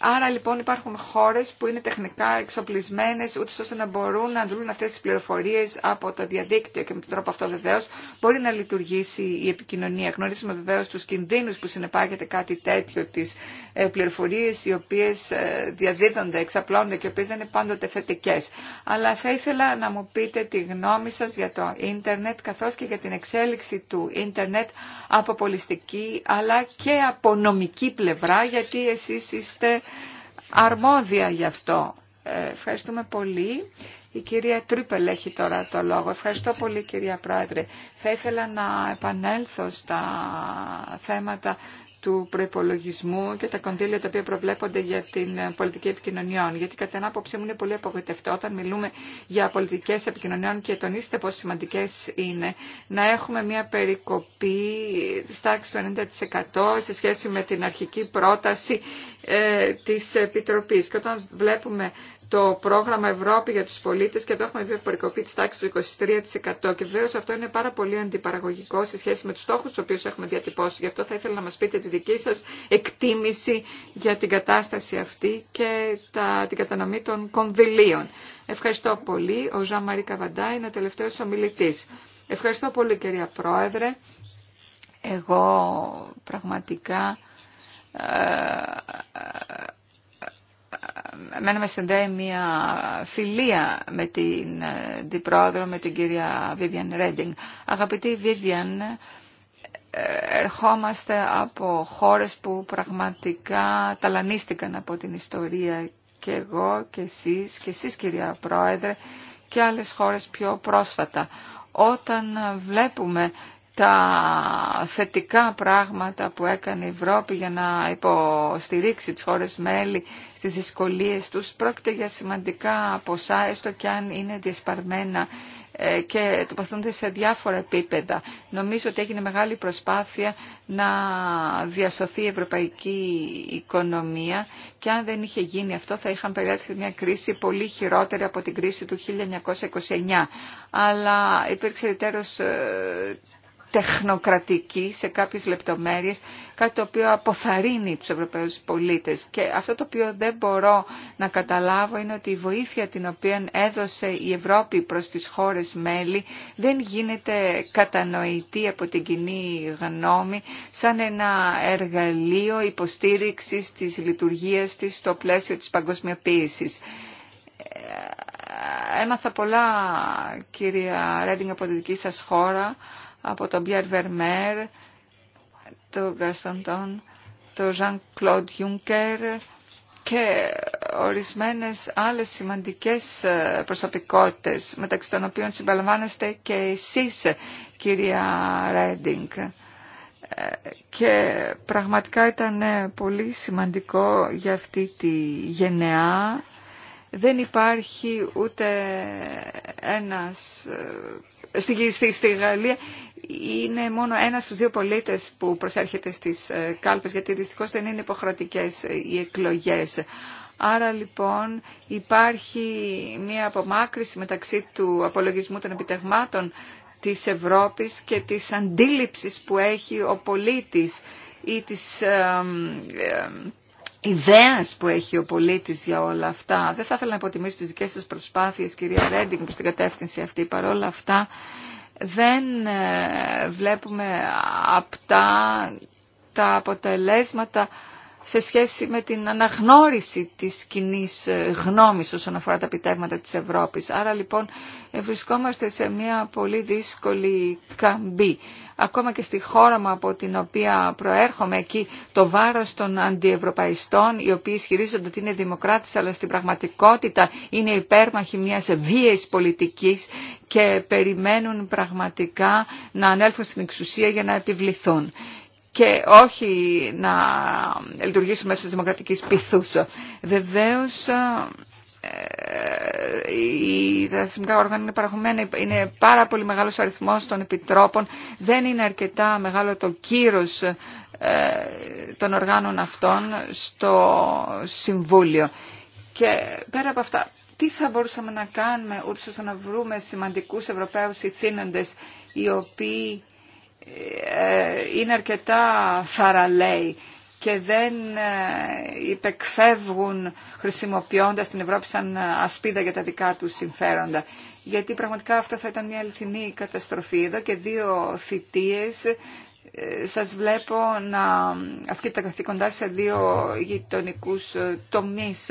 Άρα λοιπόν υπάρχουν χώρες που είναι τεχνικά εξοπλισμένες ούτως ώστε να μπορούν να αντλούν αυτές τις πληροφορίες από το διαδίκτυο και με τον τρόπο αυτό βεβαίως μπορεί να λειτουργήσει η επικοινωνία. Γνωρίζουμε βεβαίως τους κινδύνους που συνεπάγεται κάτι τέτοιο, τις ε, πληροφορίες οι οποίες ε, διαδίδονται, εξαπλώνονται και οι οποίες δεν είναι πάντοτε θετικές. Αλλά θα ήθελα να μου πείτε τη γνώμη σας για το ίντερνετ καθώς και για την εξέλιξη του ίντερνετ από πολιστική αλλά και από νομική πλευρά γιατί εσείς είστε αρμόδια γι' αυτό. Ε, ευχαριστούμε πολύ. Η κυρία Τρίπελ έχει τώρα το λόγο. Ευχαριστώ πολύ κυρία Πρόεδρε. Θα ήθελα να επανέλθω στα θέματα του προπολογισμού και τα κονδύλια τα οποία προβλέπονται για την ε, πολιτική επικοινωνιών. Γιατί κατά την άποψή μου είναι πολύ απογοητευτό όταν μιλούμε για πολιτικέ επικοινωνιών και τονίστε πόσο σημαντικέ είναι να έχουμε μια περικοπή τάξη του 90% σε σχέση με την αρχική πρόταση ε, τη Επιτροπή. Και όταν βλέπουμε το πρόγραμμα Ευρώπη για τους πολίτες και εδώ έχουμε δει περικοπή της του 23% και βεβαίω αυτό είναι πάρα πολύ αντιπαραγωγικό σε σχέση με τους στόχους τους οποίους έχουμε διατυπώσει. Γι' αυτό θα ήθελα να μας πείτε τη δική σας εκτίμηση για την κατάσταση αυτή και τα, την κατανομή των κονδυλίων. Ευχαριστώ πολύ. Ο Ζαν Μαρή Καβαντά είναι ο τελευταίος ομιλητής. Ευχαριστώ πολύ κυρία Πρόεδρε. Εγώ πραγματικά ε, με συνδέει μια φιλία με την, την ε, πρόεδρο, με την κυρία Βίβιαν Ρέντινγκ. Αγαπητή Βίβιαν, ερχόμαστε από χώρες που πραγματικά ταλανίστηκαν από την ιστορία και εγώ και εσείς και εσείς κυρία Πρόεδρε και άλλες χώρες πιο πρόσφατα. Όταν βλέπουμε τα θετικά πράγματα που έκανε η Ευρώπη για να υποστηρίξει τις χώρες μέλη στις δυσκολίε τους πρόκειται για σημαντικά ποσά έστω και αν είναι διασπαρμένα ε, και τοποθετούνται σε διάφορα επίπεδα. Νομίζω ότι έγινε μεγάλη προσπάθεια να διασωθεί η ευρωπαϊκή οικονομία και αν δεν είχε γίνει αυτό θα είχαν περιέλθει μια κρίση πολύ χειρότερη από την κρίση του 1929. Αλλά υπήρξε τεχνοκρατική σε κάποιες λεπτομέρειες, κάτι το οποίο αποθαρρύνει τους Ευρωπαίους πολίτες. Και αυτό το οποίο δεν μπορώ να καταλάβω είναι ότι η βοήθεια την οποία έδωσε η Ευρώπη προς τις χώρες μέλη δεν γίνεται κατανοητή από την κοινή γνώμη σαν ένα εργαλείο υποστήριξης της λειτουργίας της στο πλαίσιο της παγκοσμιοποίησης ε, έμαθα πολλά κυρία Ρέντινγκ από τη δική σας χώρα από τον Πιέρ Βερμέρ, τον Γκαστοντών, τον Ζαν Κλοντ Juncker και ορισμένες άλλες σημαντικές ε, προσωπικότητες, μεταξύ των οποίων συμπαλαμβάνεστε και εσείς, κυρία Ρέντινγκ. Ε, και πραγματικά ήταν ε, πολύ σημαντικό για αυτή τη γενεά δεν υπάρχει ούτε ένας... Ε, στη, στη, Γαλλία είναι μόνο ένας στους δύο πολίτες που προσέρχεται στις ε, κάλπες, γιατί δυστυχώς δεν είναι υποχρεωτικές ε, οι εκλογές. Άρα λοιπόν υπάρχει μια απομάκρυση μεταξύ του απολογισμού των επιτεγμάτων της Ευρώπης και της αντίληψης που έχει ο πολίτης ή της Ιδέα που έχει ο πολίτης για όλα αυτά. Δεν θα ήθελα να υποτιμήσω τις δικές σας προσπάθειες, κυρία Ρέντινγκ, προς την κατεύθυνση αυτή. Παρ' όλα αυτά δεν ε, βλέπουμε απτά τα αποτελέσματα σε σχέση με την αναγνώριση της κοινή ε, γνώμης όσον αφορά τα επιτεύγματα της Ευρώπης. Άρα λοιπόν ε, βρισκόμαστε σε μια πολύ δύσκολη καμπή. Ακόμα και στη χώρα μου από την οποία προέρχομαι εκεί το βάρος των αντιευρωπαϊστών οι οποίοι ισχυρίζονται ότι είναι δημοκράτες αλλά στην πραγματικότητα είναι υπέρμαχοι μιας βίαιης πολιτικής και περιμένουν πραγματικά να ανέλθουν στην εξουσία για να επιβληθούν και όχι να λειτουργήσουμε μέσω της δημοκρατικής πυθούς. Βεβαίως, τα ε, θεσμικά όργανα είναι παραχωμένα, είναι πάρα πολύ μεγάλος ο αριθμός των επιτρόπων, δεν είναι αρκετά μεγάλο το κύρος ε, των οργάνων αυτών στο Συμβούλιο. Και πέρα από αυτά, τι θα μπορούσαμε να κάνουμε ούτως ώστε να βρούμε σημαντικούς Ευρωπαίους ηθήνοντες οι οποίοι ε, είναι αρκετά θαραλέοι και δεν ε, υπεκφεύγουν χρησιμοποιώντας την Ευρώπη σαν ε, ασπίδα για τα δικά τους συμφέροντα. Γιατί πραγματικά αυτό θα ήταν μια αληθινή καταστροφή. Εδώ και δύο θητείες σας βλέπω να ασκείτε τα καθήκοντά σε δύο γειτονικούς τομείς.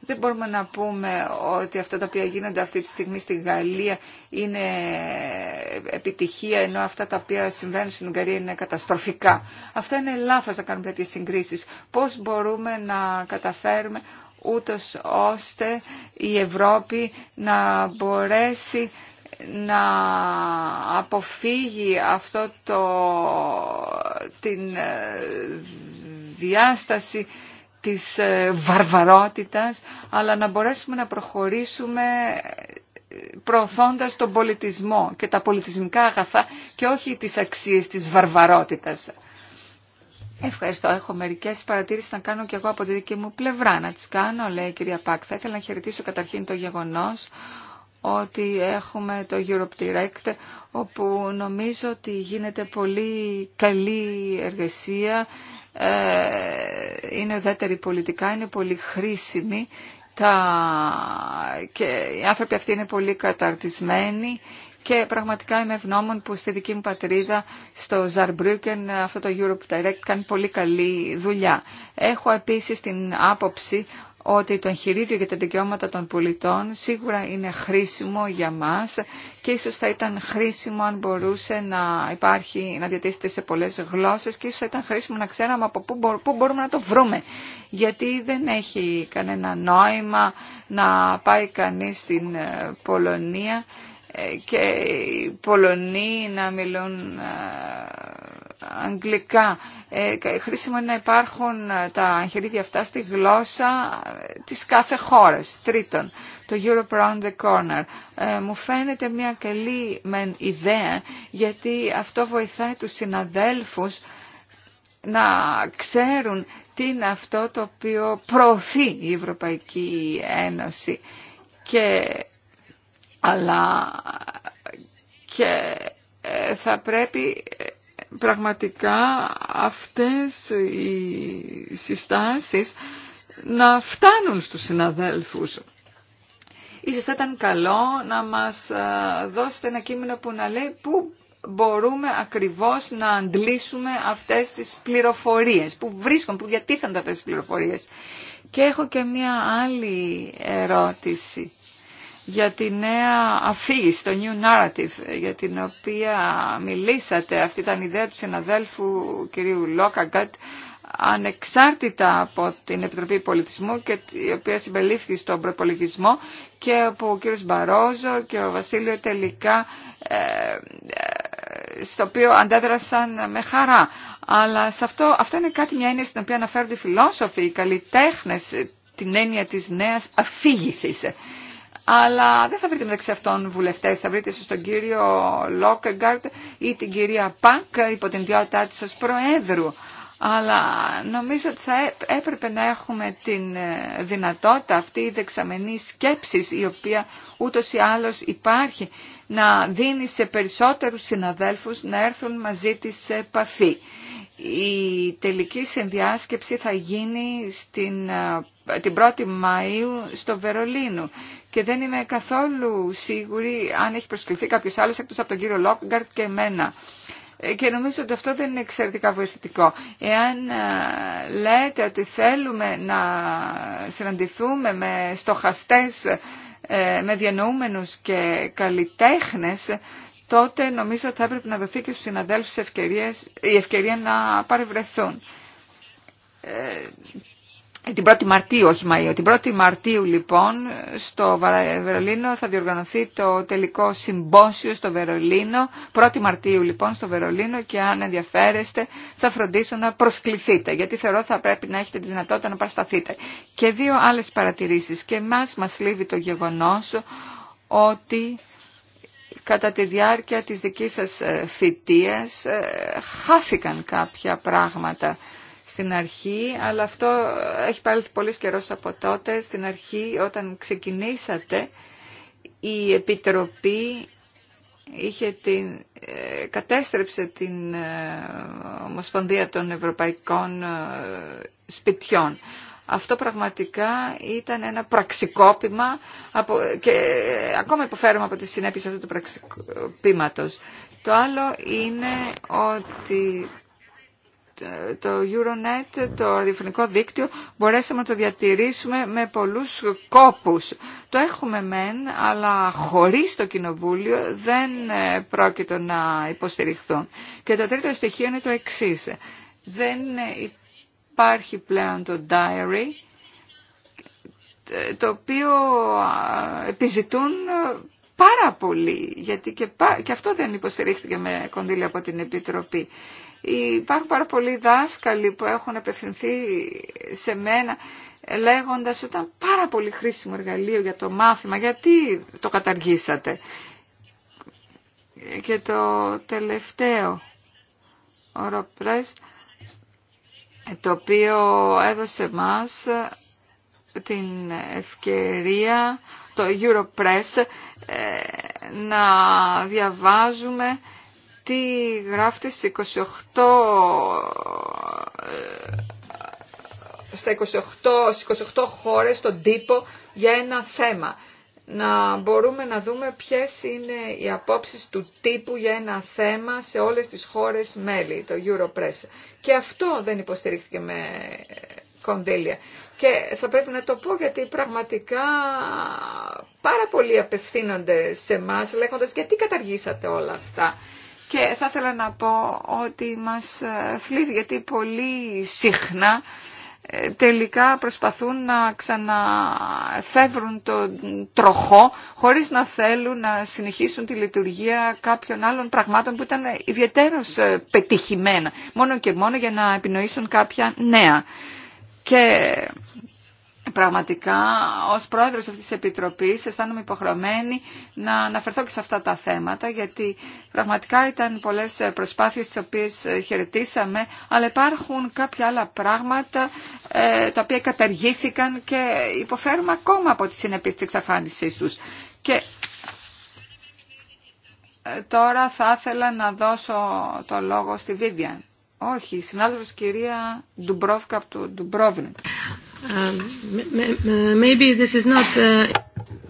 Δεν μπορούμε να πούμε ότι αυτά τα οποία γίνονται αυτή τη στιγμή στη Γαλλία είναι επιτυχία, ενώ αυτά τα οποία συμβαίνουν στην Ουγγαρία είναι καταστροφικά. Αυτό είναι λάθος να κάνουμε τέτοιες συγκρίσεις. Πώς μπορούμε να καταφέρουμε ούτως ώστε η Ευρώπη να μπορέσει να αποφύγει αυτό το, την ε, διάσταση της ε, βαρβαρότητας, αλλά να μπορέσουμε να προχωρήσουμε ε, προωθώντας τον πολιτισμό και τα πολιτισμικά αγαθά και όχι τις αξίες της βαρβαρότητας. Ευχαριστώ. Έχω μερικέ παρατήρησει να κάνω και εγώ από τη δική μου πλευρά. Να τι κάνω, λέει κυρία Πάκ. Θα ήθελα να χαιρετήσω καταρχήν το γεγονό ότι έχουμε το Europe Direct, όπου νομίζω ότι γίνεται πολύ καλή εργασία ε, είναι ουδέτερη πολιτικά, είναι πολύ χρήσιμη τα... και οι άνθρωποι αυτοί είναι πολύ καταρτισμένοι και πραγματικά είμαι ευγνώμων που στη δική μου πατρίδα, στο Ζαρμπρούκεν, αυτό το Europe Direct κάνει πολύ καλή δουλειά. Έχω επίσης την άποψη ότι το εγχειρίδιο για τα δικαιώματα των πολιτών σίγουρα είναι χρήσιμο για μας και ίσως θα ήταν χρήσιμο αν μπορούσε να υπάρχει, να διατίθεται σε πολλές γλώσσες και ίσως θα ήταν χρήσιμο να ξέραμε από πού μπορούμε να το βρούμε. Γιατί δεν έχει κανένα νόημα να πάει κανείς στην ε, Πολωνία ε, και οι Πολωνοί να μιλούν ε, αγγλικά. Ε, χρήσιμο είναι να υπάρχουν ε, τα χερίδια αυτά στη γλώσσα ε, της κάθε χώρας. Τρίτον, το Europe Around the Corner. Ε, μου φαίνεται μια καλή μεν ιδέα γιατί αυτό βοηθάει τους συναδέλφους να ξέρουν τι είναι αυτό το οποίο προωθεί η Ευρωπαϊκή Ένωση. Και, αλλά και θα πρέπει πραγματικά αυτές οι συστάσεις να φτάνουν στους συναδέλφους. Ίσως θα ήταν καλό να μας δώσετε ένα κείμενο που να λέει πού μπορούμε ακριβώς να αντλήσουμε αυτές τις πληροφορίες, που βρίσκουν, που διατίθενται αυτές τις πληροφοριες που βρισκονται που διατιθενται αυτες τις πληροφοριες Και έχω και μία άλλη ερώτηση για τη νέα αφήγηση, το new narrative, για την οποία μιλήσατε. Αυτή ήταν η ιδέα του συναδέλφου κυρίου Λόκαγκατ, ανεξάρτητα από την Επιτροπή Πολιτισμού και η οποία συμπελήφθη στον προπολογισμό και από ο κύριος Μπαρόζο και ο Βασίλειο τελικά ε, ε, στο οποίο αντέδρασαν με χαρά. Αλλά σε αυτό, αυτό είναι κάτι μια έννοια στην οποία αναφέρονται οι φιλόσοφοι, οι καλλιτέχνες, την έννοια της νέας αφήγησης αλλά δεν θα βρείτε μεταξύ αυτών βουλευτές, θα βρείτε στον τον κύριο Λόκεγκαρτ ή την κυρία Πακ υπό την ιδιότητά τη ω Προέδρου αλλά νομίζω ότι θα έπρεπε να έχουμε την ε, δυνατότητα αυτή η δεξαμενή σκέψη, η οποία ούτως ή άλλως υπάρχει να δίνει σε περισσότερους συναδέλφους να έρθουν μαζί της σε επαφή. Η τελική συνδιάσκεψη θα γίνει στην, ε, την 1η Μαΐου στο Βερολίνο και δεν είμαι καθόλου σίγουρη αν έχει προσκληθεί κάποιος άλλος εκτός από τον κύριο Λόκγκαρτ και εμένα. Ε, και νομίζω ότι αυτό δεν είναι εξαιρετικά βοηθητικό. Εάν ε, λέτε ότι θέλουμε να συναντηθούμε με στοχαστές, ε, με διανοούμενους και καλλιτέχνες, τότε νομίζω ότι θα έπρεπε να δοθεί και στους συναδέλφους ευκαιρίες, η ευκαιρία να παρευρεθούν. Ε, την 1η Μαρτίου, όχι Μαΐου. Την 1η Μαρτίου λοιπόν στο Βερολίνο θα διοργανωθεί το τελικό συμπόσιο στο Βερολίνο. 1η Μαρτίου λοιπόν στο Βερολίνο και αν ενδιαφέρεστε θα φροντίσω να προσκληθείτε γιατί θεωρώ θα πρέπει να έχετε τη δυνατότητα να παρασταθείτε. Και δύο άλλες παρατηρήσεις. Και εμάς μας λείβει το γεγονός ότι κατά τη διάρκεια της δικής σας ε, θητείας ε, χάθηκαν κάποια πράγματα στην αρχή, αλλά αυτό έχει πάρει πολύ καιρό από τότε. Στην αρχή, όταν ξεκινήσατε, η Επιτροπή είχε την, ε, κατέστρεψε την ε, Ομοσπονδία των Ευρωπαϊκών ε, Σπιτιών. Αυτό πραγματικά ήταν ένα πραξικόπημα και ακόμα υποφέρουμε από τις συνέπειες αυτού του πραξικόπηματος. Το άλλο είναι ότι το Euronet, το ραδιοφωνικό δίκτυο, μπορέσαμε να το διατηρήσουμε με πολλούς κόπους. Το έχουμε μεν, αλλά χωρίς το Κοινοβούλιο δεν ε, πρόκειται να υποστηριχθούν. Και το τρίτο στοιχείο είναι το εξής. Δεν ε, υπάρχει πλέον το diary, ε, το οποίο επιζητούν πάρα πολύ, γιατί και, και αυτό δεν υποστηρίχθηκε με κονδύλια από την Επιτροπή. Υπάρχουν πάρα πολλοί δάσκαλοι που έχουν απευθυνθεί σε μένα λέγοντας ότι ήταν πάρα πολύ χρήσιμο εργαλείο για το μάθημα, γιατί το καταργήσατε. Και το τελευταίο, ο Ροπρές, το οποίο έδωσε μας την ευκαιρία, το Europress, ε, να διαβάζουμε τι γράφει ε, στις 28, στα 28, στις 28 χώρες στον τύπο για ένα θέμα. Να μπορούμε να δούμε ποιες είναι οι απόψεις του τύπου για ένα θέμα σε όλες τις χώρες μέλη, το Europress. Και αυτό δεν υποστηρίχθηκε με κονδύλια. Και θα πρέπει να το πω γιατί πραγματικά πάρα πολλοί απευθύνονται σε εμά λέγοντας γιατί καταργήσατε όλα αυτά. Και θα ήθελα να πω ότι μας θλίβει γιατί πολύ συχνά ε, τελικά προσπαθούν να ξαναφεύρουν τον τροχό χωρίς να θέλουν να συνεχίσουν τη λειτουργία κάποιων άλλων πραγμάτων που ήταν ιδιαίτερως ε, πετυχημένα, μόνο και μόνο για να επινοήσουν κάποια νέα. Και πραγματικά ως πρόεδρος αυτής της Επιτροπής αισθάνομαι υποχρεωμένη να αναφερθώ και σε αυτά τα θέματα γιατί πραγματικά ήταν πολλές προσπάθειες τις οποίες ε, χαιρετήσαμε αλλά υπάρχουν κάποια άλλα πράγματα ε, τα οποία καταργήθηκαν και υποφέρουμε ακόμα από τη συνεπείς της εξαφάνισής τους. Και ε, τώρα θα ήθελα να δώσω το λόγο στη Βίβια. Όχι, συνάδελφος κυρία Ντουμπρόβκα από το Um, uh,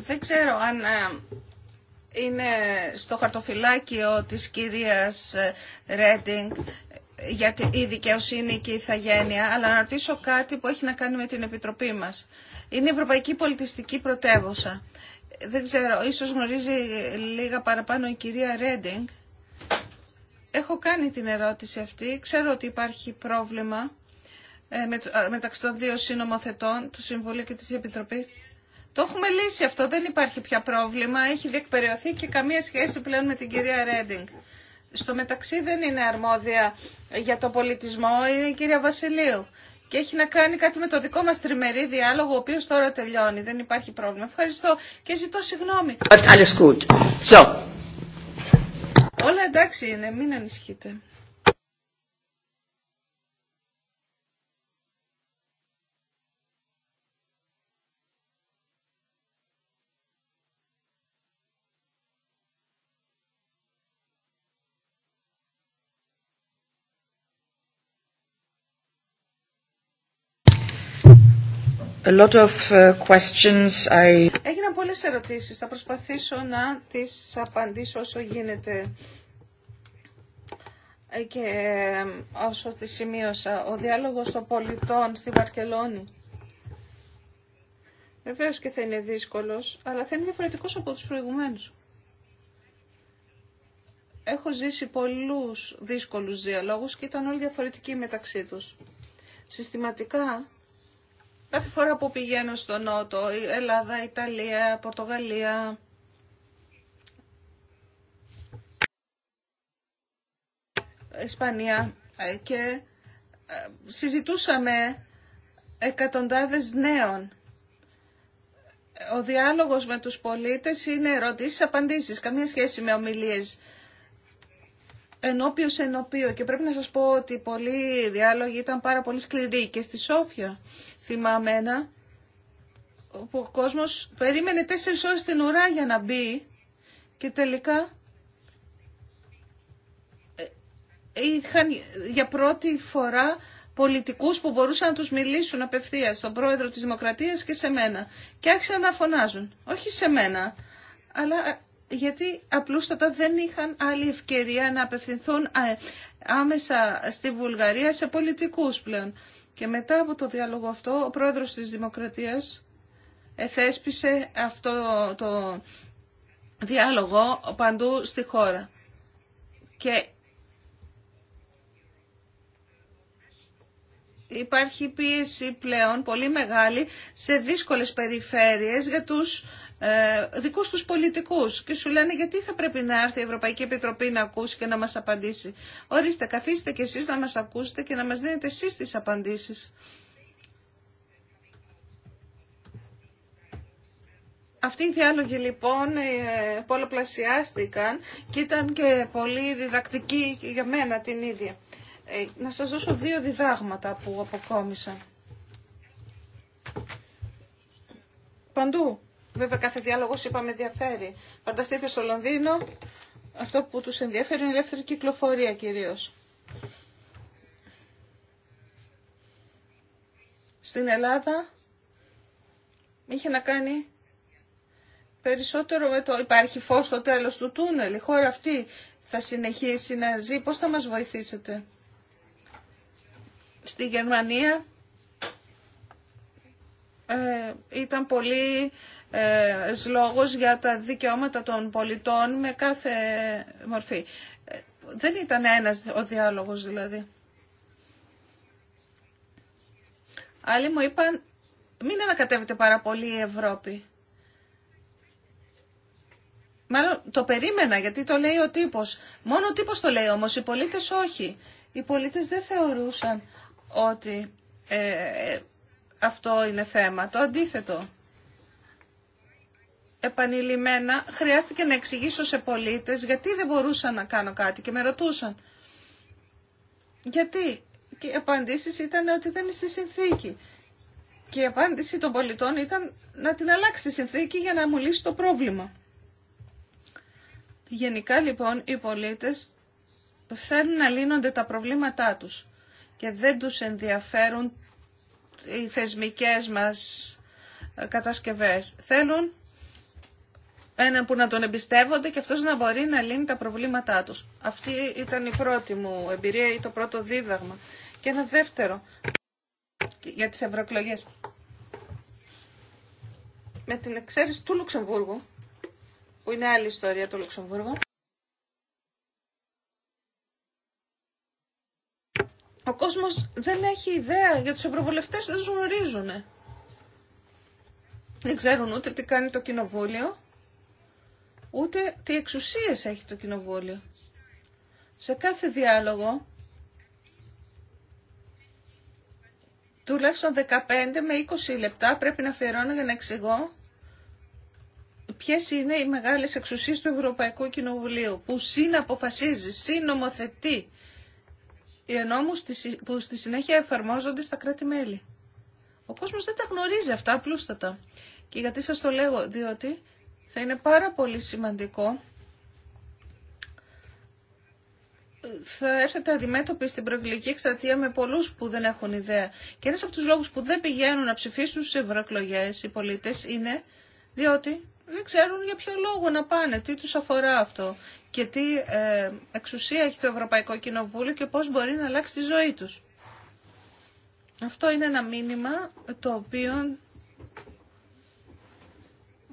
Δεν ξέρω αν ε, είναι στο χαρτοφυλάκιο της κυρίας ε, Ρέντινγκ για η δικαιοσύνη και η θαγένεια αλλά να ρωτήσω κάτι που έχει να κάνει με την Επιτροπή μας. Είναι η Ευρωπαϊκή Πολιτιστική Πρωτεύουσα. Δεν ξέρω, ίσως γνωρίζει λίγα παραπάνω η κυρία Ρέντινγκ. Έχω κάνει την ερώτηση αυτή. Ξέρω ότι υπάρχει πρόβλημα ε, μεταξύ των δύο συνομοθετών, του Συμβουλίου και της Επιτροπής. Το έχουμε λύσει αυτό, δεν υπάρχει πια πρόβλημα, έχει διεκπεριωθεί και καμία σχέση πλέον με την κυρία Ρέντινγκ. Στο μεταξύ δεν είναι αρμόδια για το πολιτισμό, είναι η κυρία Βασιλείου. Και έχει να κάνει κάτι με το δικό μας τριμερή διάλογο, ο οποίος τώρα τελειώνει. Δεν υπάρχει πρόβλημα. Ευχαριστώ και ζητώ συγγνώμη. Όλα εντάξει είναι, μην ανησυχείτε. A lot of uh, Έγιναν πολλές ερωτήσεις. Θα προσπαθήσω να τις απαντήσω όσο γίνεται ε, και ε, όσο τις σημείωσα. Ο διάλογος των πολιτών στη Βαρκελόνη. Βεβαίω και θα είναι δύσκολος, αλλά θα είναι διαφορετικός από τους προηγουμένους. Έχω ζήσει πολλούς δύσκολους διαλόγους και ήταν όλοι διαφορετικοί μεταξύ τους. Συστηματικά Κάθε φορά που πηγαίνω στο Νότο, η Ελλάδα, η Ιταλία, η Πορτογαλία, Ισπανία ε, και ε, συζητούσαμε εκατοντάδες νέων. Ο διάλογος με τους πολίτες είναι ερωτήσεις, απαντήσεις, καμία σχέση με ομιλίες ενώπιος ενωπίο και πρέπει να σας πω ότι πολλοί διάλογοι ήταν πάρα πολύ σκληροί και στη Σόφια θυμάμαι ένα, όπου ο κόσμος περίμενε τέσσερις ώρες την ουρά για να μπει και τελικά ε, είχαν για πρώτη φορά πολιτικούς που μπορούσαν να τους μιλήσουν απευθείας, στον πρόεδρο της Δημοκρατίας και σε μένα. Και άρχισαν να φωνάζουν. Όχι σε μένα, αλλά ε, γιατί απλούστατα δεν είχαν άλλη ευκαιρία να απευθυνθούν ε, άμεσα στη Βουλγαρία σε πολιτικούς πλέον. Και μετά από το διάλογο αυτό, ο πρόεδρος της Δημοκρατίας εθέσπισε αυτό το διάλογο παντού στη χώρα. Και υπάρχει πίεση πλέον πολύ μεγάλη σε δύσκολες περιφέρειες για τους ε, Δικού του πολιτικούς και σου λένε γιατί θα πρέπει να έρθει η Ευρωπαϊκή Επιτροπή να ακούσει και να μας απαντήσει. Ορίστε, καθίστε κι εσείς να μας ακούσετε και να μας δίνετε εσείς τις απαντήσεις. Αυτοί οι διάλογοι λοιπόν ε, πολλαπλασιάστηκαν και ήταν και πολύ διδακτικοί για μένα την ίδια. Ε, να σας δώσω δύο διδάγματα που αποκόμισα. Παντού Βέβαια κάθε διάλογος είπαμε ενδιαφέρει. Φανταστείτε στο Λονδίνο αυτό που τους ενδιαφέρει είναι η ελεύθερη κυκλοφορία κυρίως. Στην Ελλάδα είχε να κάνει περισσότερο με το υπάρχει φως στο τέλος του τούνελ. Η χώρα αυτή θα συνεχίσει να ζει. Πώς θα μας βοηθήσετε. Στη Γερμανία ε, ήταν πολύ ε, λόγος για τα δικαιώματα των πολιτών με κάθε μορφή. Ε, δεν ήταν ένας ο διάλογος δηλαδή. Άλλοι μου είπαν μην ανακατεύεται πάρα πολύ η Ευρώπη. Μάλλον το περίμενα γιατί το λέει ο τύπος. Μόνο ο τύπος το λέει όμως, οι πολίτες όχι. Οι πολίτες δεν θεωρούσαν ότι αυτό είναι θέμα. Το αντίθετο. Επανειλημμένα χρειάστηκε να εξηγήσω σε πολίτες γιατί δεν μπορούσαν να κάνω κάτι και με ρωτούσαν. Γιατί. Και οι απαντήσεις ήταν ότι είναι στη συνθήκη. Και η απάντηση των πολιτών ήταν να την αλλάξει τη συνθήκη για να μου λύσει το πρόβλημα. Γενικά λοιπόν οι πολίτες θέλουν να λύνονται τα προβλήματά τους και δεν τους ενδιαφέρουν οι θεσμικές μας κατασκευές. Θέλουν έναν που να τον εμπιστεύονται και αυτός να μπορεί να λύνει τα προβλήματά τους. Αυτή ήταν η πρώτη μου εμπειρία ή το πρώτο δίδαγμα. Και ένα δεύτερο για τις ευρωεκλογέ. Με την εξαίρεση του Λουξεμβούργου, που είναι άλλη ιστορία του Λουξεμβούργου, κόσμος δεν έχει ιδέα για τους ευρωβουλευτές, δεν τους γνωρίζουν. Δεν ξέρουν ούτε τι κάνει το κοινοβούλιο, ούτε τι εξουσίες έχει το κοινοβούλιο. Σε κάθε διάλογο, τουλάχιστον 15 με 20 λεπτά πρέπει να αφιερώνω για να εξηγώ ποιες είναι οι μεγάλες εξουσίες του Ευρωπαϊκού Κοινοβουλίου, που συναποφασίζει, συνομοθετεί οι νόμου που στη συνέχεια εφαρμόζονται στα κράτη-μέλη. Ο κόσμος δεν τα γνωρίζει αυτά απλούστατα. Και γιατί σας το λέω διότι θα είναι πάρα πολύ σημαντικό θα έρθετε αντιμέτωποι στην προεκλογική εκστρατεία με πολλούς που δεν έχουν ιδέα. Και ένα από του λόγους που δεν πηγαίνουν να ψηφίσουν στι ευρωεκλογέ οι πολίτες είναι διότι δεν ξέρουν για ποιο λόγο να πάνε, τι τους αφορά αυτό και τι ε, εξουσία έχει το Ευρωπαϊκό Κοινοβούλιο και πώς μπορεί να αλλάξει τη ζωή τους. Αυτό είναι ένα μήνυμα το οποίο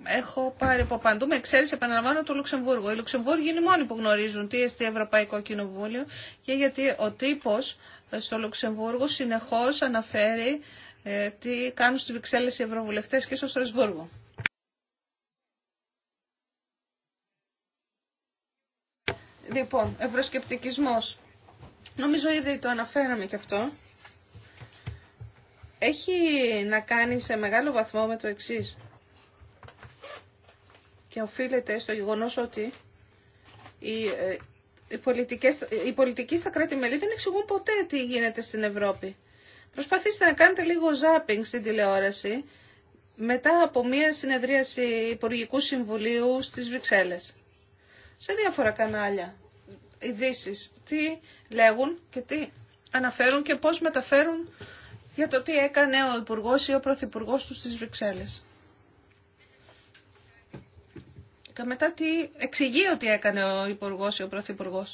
έχω πάρει από παντού. Με εξαίρεση, επαναλαμβάνω, το Λουξεμβούργο. Οι Λουξεμβούργοι είναι οι μόνοι που γνωρίζουν τι εστί Ευρωπαϊκό Κοινοβούλιο και γιατί ο τύπος ε, στο Λουξεμβούργο συνεχώς αναφέρει ε, τι κάνουν στις Βρυξέλλες οι Ευρωβουλευτές και στο Στρασβούργο. Λοιπόν, ευρωσκεπτικισμός. Νομίζω ήδη το αναφέραμε και αυτό. Έχει να κάνει σε μεγάλο βαθμό με το εξής. Και οφείλεται στο γεγονός ότι ε, οι, πολιτικές, οι πολιτικοί στα κράτη-μέλη δεν εξηγούν ποτέ τι γίνεται στην Ευρώπη. Προσπαθήστε να κάνετε λίγο ζάπινγκ στην τηλεόραση μετά από μια συνεδρίαση Υπουργικού Συμβουλίου στις Βρυξέλλες σε διάφορα κανάλια ειδήσει, τι λέγουν και τι αναφέρουν και πώς μεταφέρουν για το τι έκανε ο υπουργό ή ο Πρωθυπουργό του στις Βρυξέλλες. Και μετά τι εξηγεί ότι έκανε ο υπουργό ή ο Πρωθυπουργό.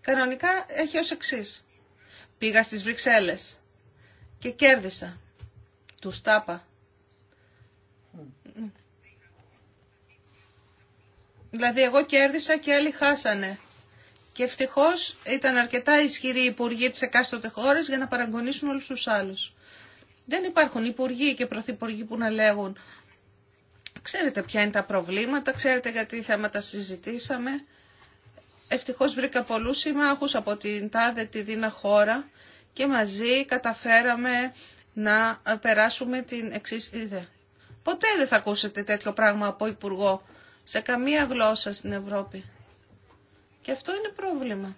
Κανονικά έχει ως εξή. Πήγα στις Βρυξέλλες και κέρδισα. Του τάπα. Δηλαδή εγώ κέρδισα και άλλοι χάσανε. Και ευτυχώ ήταν αρκετά ισχυροί οι υπουργοί τη εκάστοτε χώρα για να παραγκονίσουν όλου του άλλου. Δεν υπάρχουν υπουργοί και πρωθυπουργοί που να λέγουν Ξέρετε ποια είναι τα προβλήματα, ξέρετε γιατί θέματα συζητήσαμε. Ευτυχώ βρήκα πολλού συμμάχου από την τάδε τη δίνα χώρα και μαζί καταφέραμε να περάσουμε την εξή ιδέα. Ποτέ δεν θα ακούσετε τέτοιο πράγμα από υπουργό σε καμία γλώσσα στην Ευρώπη. Και αυτό είναι πρόβλημα.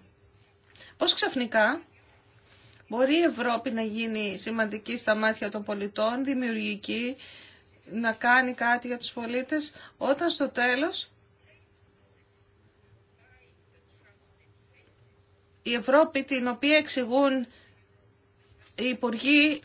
Πώς ξαφνικά μπορεί η Ευρώπη να γίνει σημαντική στα μάτια των πολιτών, δημιουργική, να κάνει κάτι για τους πολίτες, όταν στο τέλος η Ευρώπη την οποία εξηγούν οι υπουργοί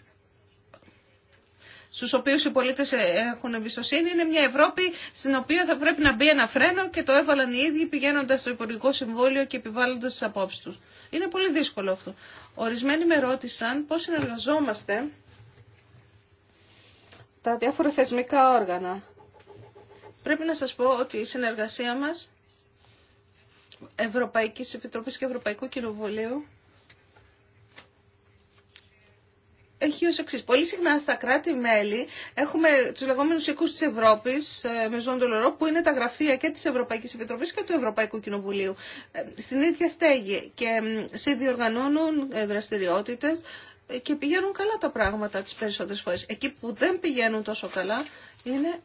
στους οποίους οι πολίτες έχουν εμπιστοσύνη είναι μια Ευρώπη στην οποία θα πρέπει να μπει ένα φρένο και το έβαλαν οι ίδιοι πηγαίνοντας στο Υπουργικό Συμβούλιο και επιβάλλοντας τις απόψεις τους. Είναι πολύ δύσκολο αυτό. Ορισμένοι με ρώτησαν πώς συνεργαζόμαστε τα διάφορα θεσμικά όργανα. Πρέπει να σας πω ότι η συνεργασία μας Ευρωπαϊκής Επιτροπής και Ευρωπαϊκού Κοινοβουλίου έχει ως εξής. Πολύ συχνά στα κράτη-μέλη έχουμε τους λεγόμενους οίκους της Ευρώπης, ε, με λερό που είναι τα γραφεία και της Ευρωπαϊκής Επιτροπής και του Ευρωπαϊκού Κοινοβουλίου. Ε, στην ίδια στέγη και σε διοργανώνουν ε, δραστηριότητες και πηγαίνουν καλά τα πράγματα τις περισσότερες φορές. Εκεί που δεν πηγαίνουν τόσο καλά είναι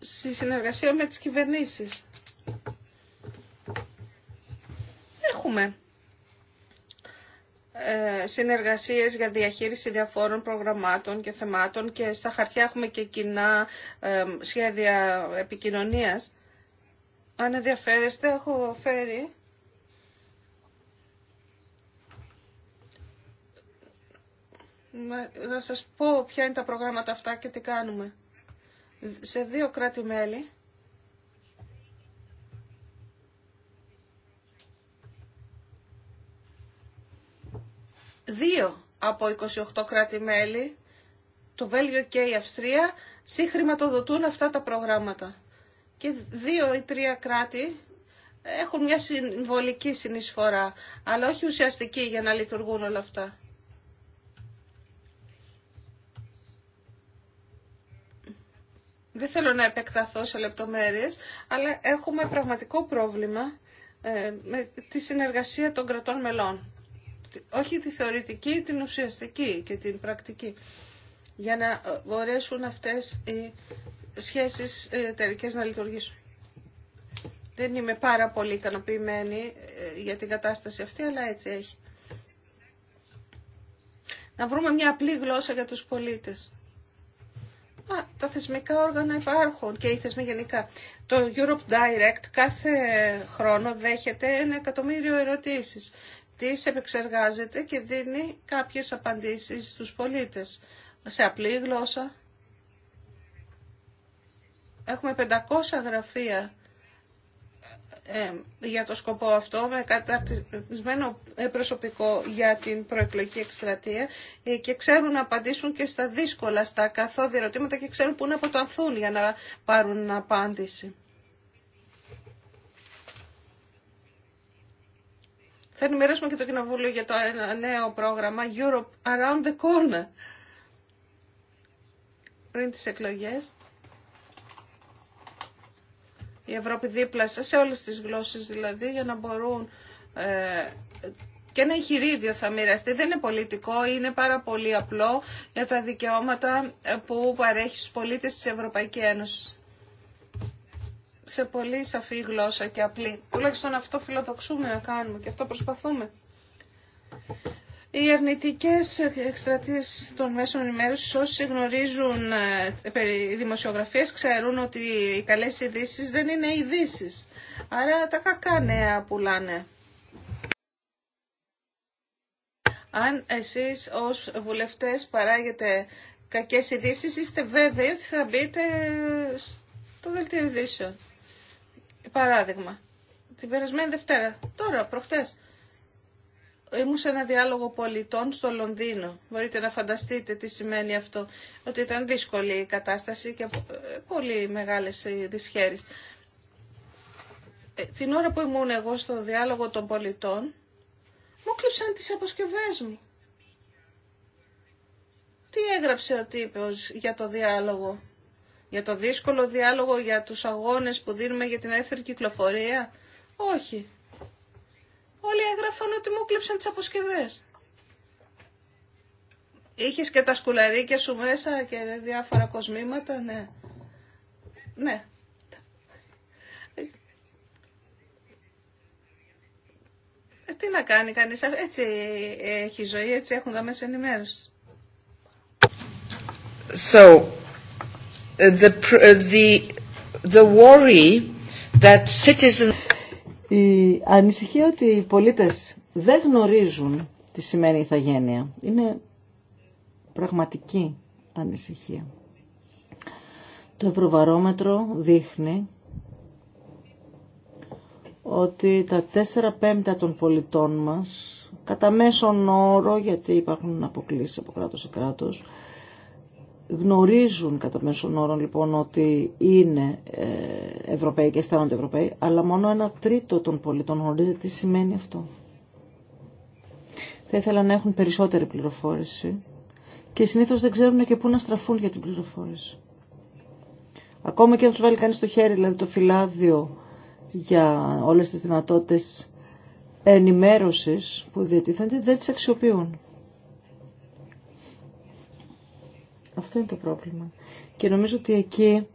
στη συνεργασία με τις κυβερνήσεις. Έχουμε ε, συνεργασίες για διαχείριση διαφόρων προγραμμάτων και θεμάτων και στα χαρτιά έχουμε και κοινά ε, σχέδια επικοινωνίας. Αν ενδιαφέρεστε, έχω φέρει να σας πω ποια είναι τα προγράμματα αυτά και τι κάνουμε. Σε δύο κράτη-μέλη Δύο από 28 κράτη-μέλη, το Βέλγιο και η Αυστρία, συγχρηματοδοτούν αυτά τα προγράμματα. Και δύο ή τρία κράτη έχουν μια συμβολική συνεισφορά, αλλά όχι ουσιαστική για να λειτουργούν όλα αυτά. Δεν θέλω να επεκταθώ σε λεπτομέρειες, αλλά έχουμε πραγματικό πρόβλημα ε, με τη συνεργασία των κρατών μελών όχι τη θεωρητική, την ουσιαστική και την πρακτική. Για να ε, μπορέσουν αυτές οι σχέσεις ε, εταιρικέ να λειτουργήσουν. Δεν είμαι πάρα πολύ ικανοποιημένη ε, για την κατάσταση αυτή, αλλά έτσι έχει. Να βρούμε μια απλή γλώσσα για τους πολίτες. Α, τα θεσμικά όργανα υπάρχουν και οι θεσμοί γενικά. Το Europe Direct κάθε χρόνο δέχεται ένα εκατομμύριο ερωτήσεις αυτής επεξεργάζεται και δίνει κάποιες απαντήσεις στους πολίτες σε απλή γλώσσα. Έχουμε 500 γραφεία ε, για το σκοπό αυτό με καταρτισμένο προσωπικό για την προεκλογική εκστρατεία ε, και ξέρουν να απαντήσουν και στα δύσκολα, στα καθόδια ερωτήματα και ξέρουν πού να αποτανθούν για να πάρουν απάντηση. Θα ενημερώσουμε και το Κοινοβούλιο για το νέο πρόγραμμα Europe Around the Corner πριν τις εκλογές. Η Ευρώπη δίπλα σας, σε όλες τις γλώσσες δηλαδή, για να μπορούν ε, και ένα εγχειρίδιο θα μοιραστεί. Δεν είναι πολιτικό, είναι πάρα πολύ απλό για τα δικαιώματα ε, που παρέχει στους πολίτες της Ευρωπαϊκής Ένωσης σε πολύ σαφή γλώσσα και απλή. Τουλάχιστον αυτό φιλοδοξούμε να κάνουμε και αυτό προσπαθούμε. Οι αρνητικέ εκστρατείε των μέσων ενημέρωση, όσοι γνωρίζουν ε, περί δημοσιογραφίε, ξέρουν ότι οι καλέ ειδήσει δεν είναι ειδήσει. Άρα τα κακά νέα πουλάνε. Αν εσεί ως βουλευτές παράγετε κακές ειδήσει, είστε βέβαιοι ότι θα μπείτε στο δελτίο ειδήσεων. Παράδειγμα, την περασμένη Δευτέρα, τώρα, προχτές, ήμουν σε ένα διάλογο πολιτών στο Λονδίνο. Μπορείτε να φανταστείτε τι σημαίνει αυτό, ότι ήταν δύσκολη η κατάσταση και ε, πολύ μεγάλες δυσχέρεις. Ε, την ώρα που ήμουν εγώ στο διάλογο των πολιτών, μου κλείψαν τις αποσκευές μου. Τι έγραψε ο τύπος για το διάλογο για το δύσκολο διάλογο, για τους αγώνες που δίνουμε για την ελεύθερη κυκλοφορία. Όχι. Όλοι έγραφαν ότι μου κλέψαν τις αποσκευές. Είχες και τα σκουλαρίκια σου μέσα και διάφορα κοσμήματα, ναι. Ναι. Ε, τι να κάνει κανείς, ε, έτσι έχει ζωή, έτσι έχουν τα μέσα ενημέρωση. So, Uh, the, uh, the, the worry Η ανησυχία ότι οι πολίτες δεν γνωρίζουν τι σημαίνει η ηθαγένεια είναι πραγματική ανησυχία. Το ευρωβαρόμετρο δείχνει ότι τα τέσσερα πέμπτα των πολιτών μας, κατά μέσον όρο, γιατί υπάρχουν αποκλήσεις από κράτος σε κράτος, γνωρίζουν κατά μέσον όρων λοιπόν ότι είναι ε, Ευρωπαίοι και αισθάνονται Ευρωπαίοι, αλλά μόνο ένα τρίτο των πολιτών γνωρίζει τι σημαίνει αυτό. Θα ήθελα να έχουν περισσότερη πληροφόρηση και συνήθως δεν ξέρουν και πού να στραφούν για την πληροφόρηση. Ακόμα και αν τους βάλει κανείς το χέρι, δηλαδή το φυλάδιο για όλες τις δυνατότητες ενημέρωσης που διατίθενται, δεν τις αξιοποιούν. Αυτό είναι το πρόβλημα. Και νομίζω ότι εκεί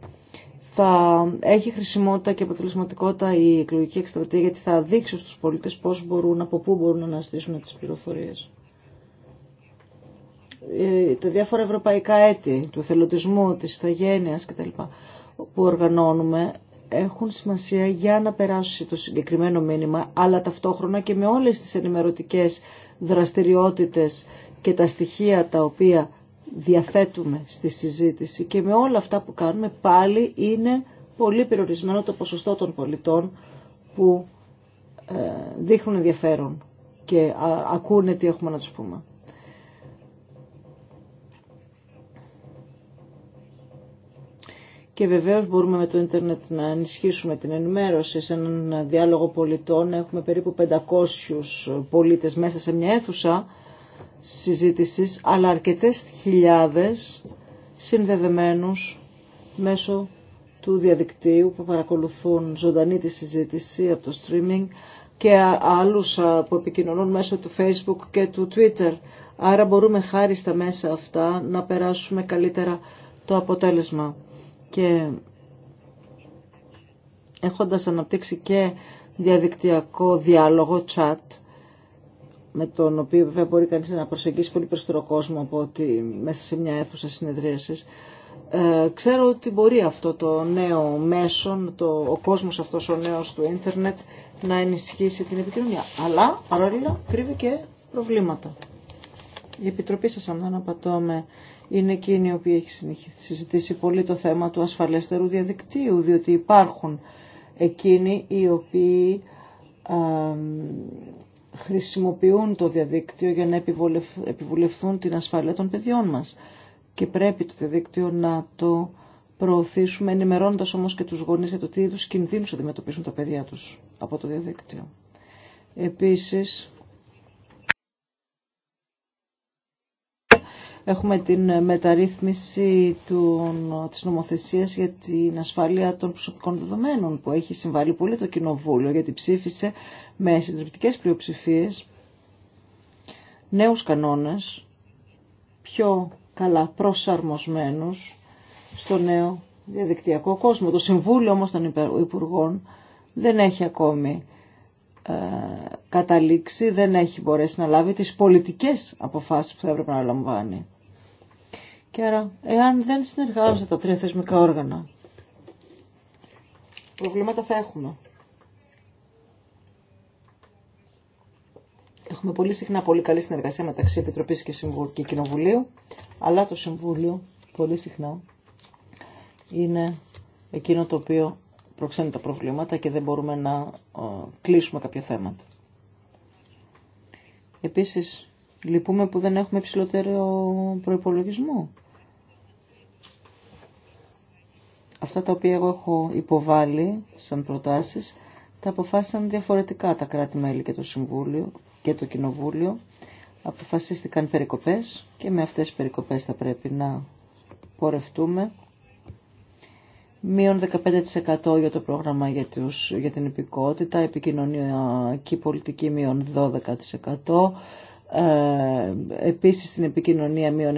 θα έχει χρησιμότητα και αποτελεσματικότητα η εκλογική εκστρατεία γιατί θα δείξει στους πολίτες πώς μπορούν, από πού μπορούν να αναστήσουν τις πληροφορίες. Ε, τα διάφορα ευρωπαϊκά έτη του εθελοντισμού, της ηθαγένειας κτλ. που οργανώνουμε έχουν σημασία για να περάσει το συγκεκριμένο μήνυμα αλλά ταυτόχρονα και με όλες τις ενημερωτικές δραστηριότητες και τα στοιχεία τα οποία διαθέτουμε στη συζήτηση και με όλα αυτά που κάνουμε πάλι είναι πολύ περιορισμένο το ποσοστό των πολιτών που ε, δείχνουν ενδιαφέρον και ακούνε τι έχουμε να τους πούμε. Και βεβαίως μπορούμε με το ίντερνετ να ενισχύσουμε την ενημέρωση. Σε έναν διάλογο πολιτών έχουμε περίπου 500 πολίτες μέσα σε μια αίθουσα συζήτησης, αλλά αρκετές χιλιάδες συνδεδεμένους μέσω του διαδικτύου που παρακολουθούν ζωντανή τη συζήτηση από το streaming και άλλους που επικοινωνούν μέσω του Facebook και του Twitter. Άρα μπορούμε χάρη στα μέσα αυτά να περάσουμε καλύτερα το αποτέλεσμα. Και έχοντας αναπτύξει και διαδικτυακό διάλογο, chat, με τον οποίο βέβαια μπορεί κανείς να προσεγγίσει πολύ περισσότερο κόσμο από ότι μέσα σε μια αίθουσα συνεδρίασης. Ε, ξέρω ότι μπορεί αυτό το νέο μέσον, το, ο κόσμος αυτός ο νέος του ίντερνετ να ενισχύσει την επικοινωνία. Αλλά παρόλα κρύβει και προβλήματα. Η Επιτροπή σας, αν δεν απατώμε, είναι εκείνη η οποία έχει συζητήσει πολύ το θέμα του ασφαλέστερου διαδικτύου, διότι υπάρχουν εκείνοι οι οποίοι ε, χρησιμοποιούν το διαδίκτυο για να επιβουλευθούν την ασφάλεια των παιδιών μας. Και πρέπει το διαδίκτυο να το προωθήσουμε, ενημερώνοντας όμως και τους γονείς για το τι είδους κινδύνους αντιμετωπίσουν τα παιδιά τους από το διαδίκτυο. Επίσης, Έχουμε την μεταρρύθμιση των, της νομοθεσίας για την ασφάλεια των προσωπικών δεδομένων που έχει συμβάλει πολύ το Κοινοβούλιο γιατί ψήφισε με συντριπτικές πλειοψηφίες νέους κανόνες πιο καλά προσαρμοσμένους στο νέο διαδικτυακό κόσμο. Το Συμβούλιο όμως των Υπουργών δεν έχει ακόμη ε, καταλήξει, δεν έχει μπορέσει να λάβει τις πολιτικές αποφάσεις που θα έπρεπε να λαμβάνει. Και εάν δεν συνεργάζονται τα τρία θεσμικά όργανα, προβλήματα θα έχουμε. Έχουμε πολύ συχνά πολύ καλή συνεργασία μεταξύ Επιτροπή και, και Κοινοβουλίου, αλλά το Συμβούλιο πολύ συχνά είναι εκείνο το οποίο προξένει τα προβλήματα και δεν μπορούμε να ε, κλείσουμε κάποια θέματα. Επίσης, λυπούμε που δεν έχουμε υψηλότερο προϋπολογισμό. αυτά τα οποία εγώ έχω υποβάλει σαν προτάσεις, τα αποφάσισαν διαφορετικά τα κράτη-μέλη και το Συμβούλιο και το Κοινοβούλιο. Αποφασίστηκαν περικοπές και με αυτές τις περικοπές θα πρέπει να πορευτούμε. Μείον 15% για το πρόγραμμα για, τους, για την υπηκότητα, επικοινωνιακή πολιτική μείον 12%, ε, επίσης στην επικοινωνία μείον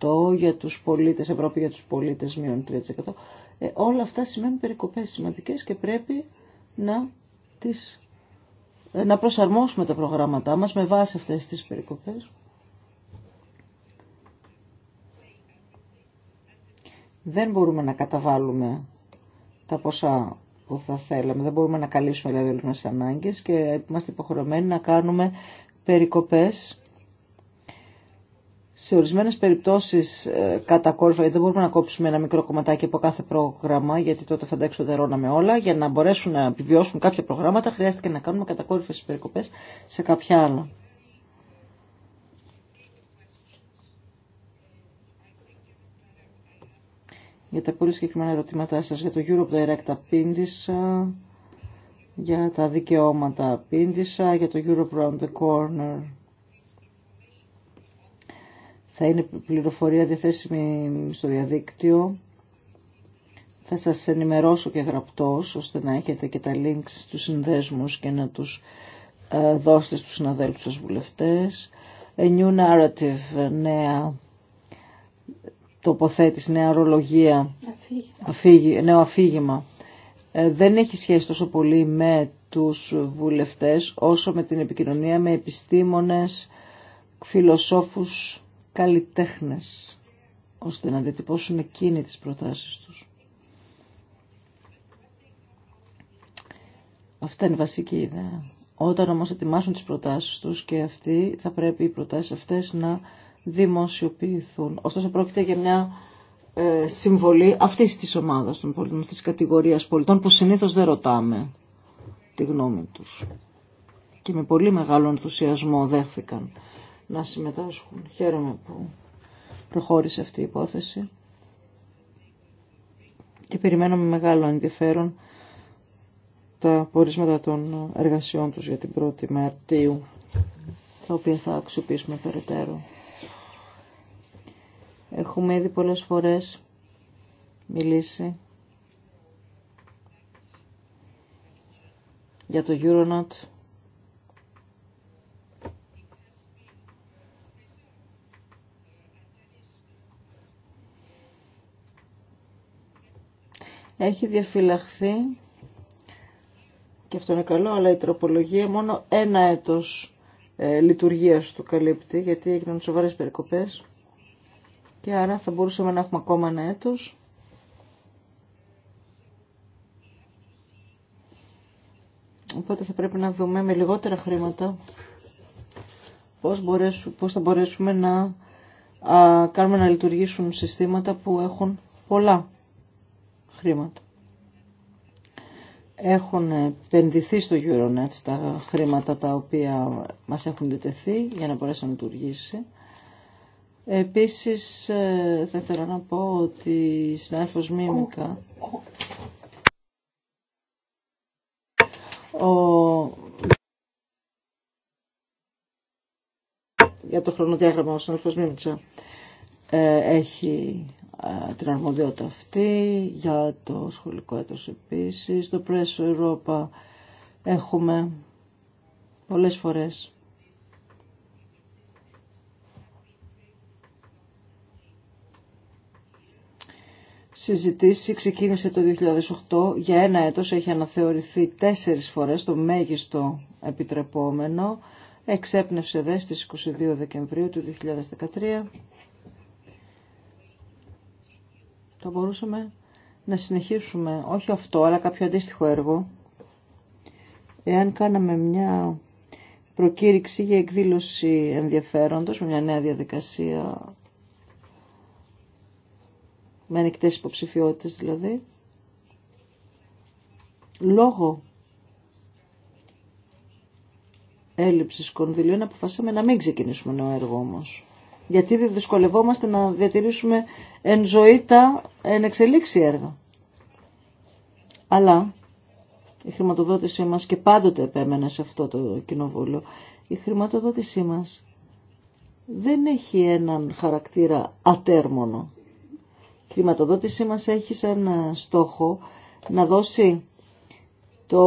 9%, για τους πολίτες, Ευρώπη για τους πολίτες μείον 3%. Ε, όλα αυτά σημαίνουν περικοπές σημαντικές και πρέπει να, τις, ε, να προσαρμόσουμε τα προγράμματά μας με βάση αυτές τις περικοπές. Δεν μπορούμε να καταβάλουμε τα ποσά που θα θέλαμε. Δεν μπορούμε να καλύψουμε δηλαδή όλες μας ανάγκες και είμαστε υποχρεωμένοι να κάνουμε περικοπές σε ορισμένες περιπτώσεις ε, κατακόρυφα, δεν μπορούμε να κόψουμε ένα μικρό κομματάκι από κάθε πρόγραμμα, γιατί τότε θα τα εξοδερώναμε όλα, για να μπορέσουν να επιβιώσουν κάποια προγράμματα, χρειάστηκε να κάνουμε κατακόρυφες περικοπές σε κάποια άλλα. Για τα πολύ συγκεκριμένα ερωτήματά σας για το Europe Direct απήντησα για τα δικαιώματα πίντησα, για το Europe Round the Corner. Θα είναι πληροφορία διαθέσιμη στο διαδίκτυο. Θα σας ενημερώσω και γραπτός, ώστε να έχετε και τα links στους συνδέσμους και να τους ε, δώσετε στους συναδέλφους σας βουλευτές. A new narrative, νέα τοποθέτηση, νέα ορολογία, αφήγη. νέο αφήγημα ε, δεν έχει σχέση τόσο πολύ με τους βουλευτές όσο με την επικοινωνία με επιστήμονες, φιλοσόφους, καλλιτέχνες ώστε να διατυπώσουν εκείνοι τις προτάσεις τους. Αυτά είναι βασική ιδέα. Όταν όμως ετοιμάσουν τις προτάσεις τους και αυτοί θα πρέπει οι προτάσεις αυτές να δημοσιοποιηθούν. Ωστόσο πρόκειται για μια ε, συμβολή αυτή τη ομάδα των πολιτών, τη κατηγορία πολιτών που συνήθως δεν ρωτάμε τη γνώμη του. Και με πολύ μεγάλο ενθουσιασμό δέχθηκαν να συμμετάσχουν. Χαίρομαι που προχώρησε αυτή η υπόθεση και περιμένω με μεγάλο ενδιαφέρον τα πορίσματα των εργασιών τους για την 1η Μαρτίου, τα οποία θα αξιοποιήσουμε περαιτέρω. Έχουμε ήδη πολλές φορές μιλήσει για το Euronaut. Έχει διαφυλαχθεί και αυτό είναι καλό, αλλά η τροπολογία μόνο ένα έτος ε, λειτουργίας του καλύπτει, γιατί έγιναν σοβαρές περικοπές και άρα θα μπορούσαμε να έχουμε ακόμα ένα έτος. Οπότε θα πρέπει να δούμε με λιγότερα χρήματα πώς, πώς θα μπορέσουμε να α, κάνουμε να λειτουργήσουν συστήματα που έχουν πολλά χρήματα. Έχουν επενδυθεί στο Euronet τα χρήματα τα οποία μας έχουν διτεθεί για να μπορέσουν να λειτουργήσει. Επίσης ε, θα ήθελα να πω ότι η συνάδελφος Μίμικα ο... για το χρονοδιάγραμμα ο συνάδελφος ε, έχει ε, την αρμοδιότητα αυτή για το σχολικό έτος επίσης. Το Press Europa έχουμε πολλές φορές συζητήσει ξεκίνησε το 2008. Για ένα έτος έχει αναθεωρηθεί τέσσερις φορές το μέγιστο επιτρεπόμενο. Εξέπνευσε δε στις 22 Δεκεμβρίου του 2013. Θα μπορούσαμε να συνεχίσουμε όχι αυτό αλλά κάποιο αντίστοιχο έργο. Εάν κάναμε μια προκήρυξη για εκδήλωση ενδιαφέροντος, μια νέα διαδικασία με ανοιχτέ υποψηφιότητε δηλαδή, λόγω έλλειψης κονδυλίων αποφάσισαμε να μην ξεκινήσουμε νέο έργο όμω. Γιατί δυσκολευόμαστε να διατηρήσουμε εν ζωή τα εν εξελίξει έργα. Αλλά η χρηματοδότησή μας και πάντοτε επέμενε σε αυτό το κοινοβούλιο, η χρηματοδότησή μας δεν έχει έναν χαρακτήρα ατέρμονο χρηματοδότησή μας έχει σαν ε, στόχο να δώσει το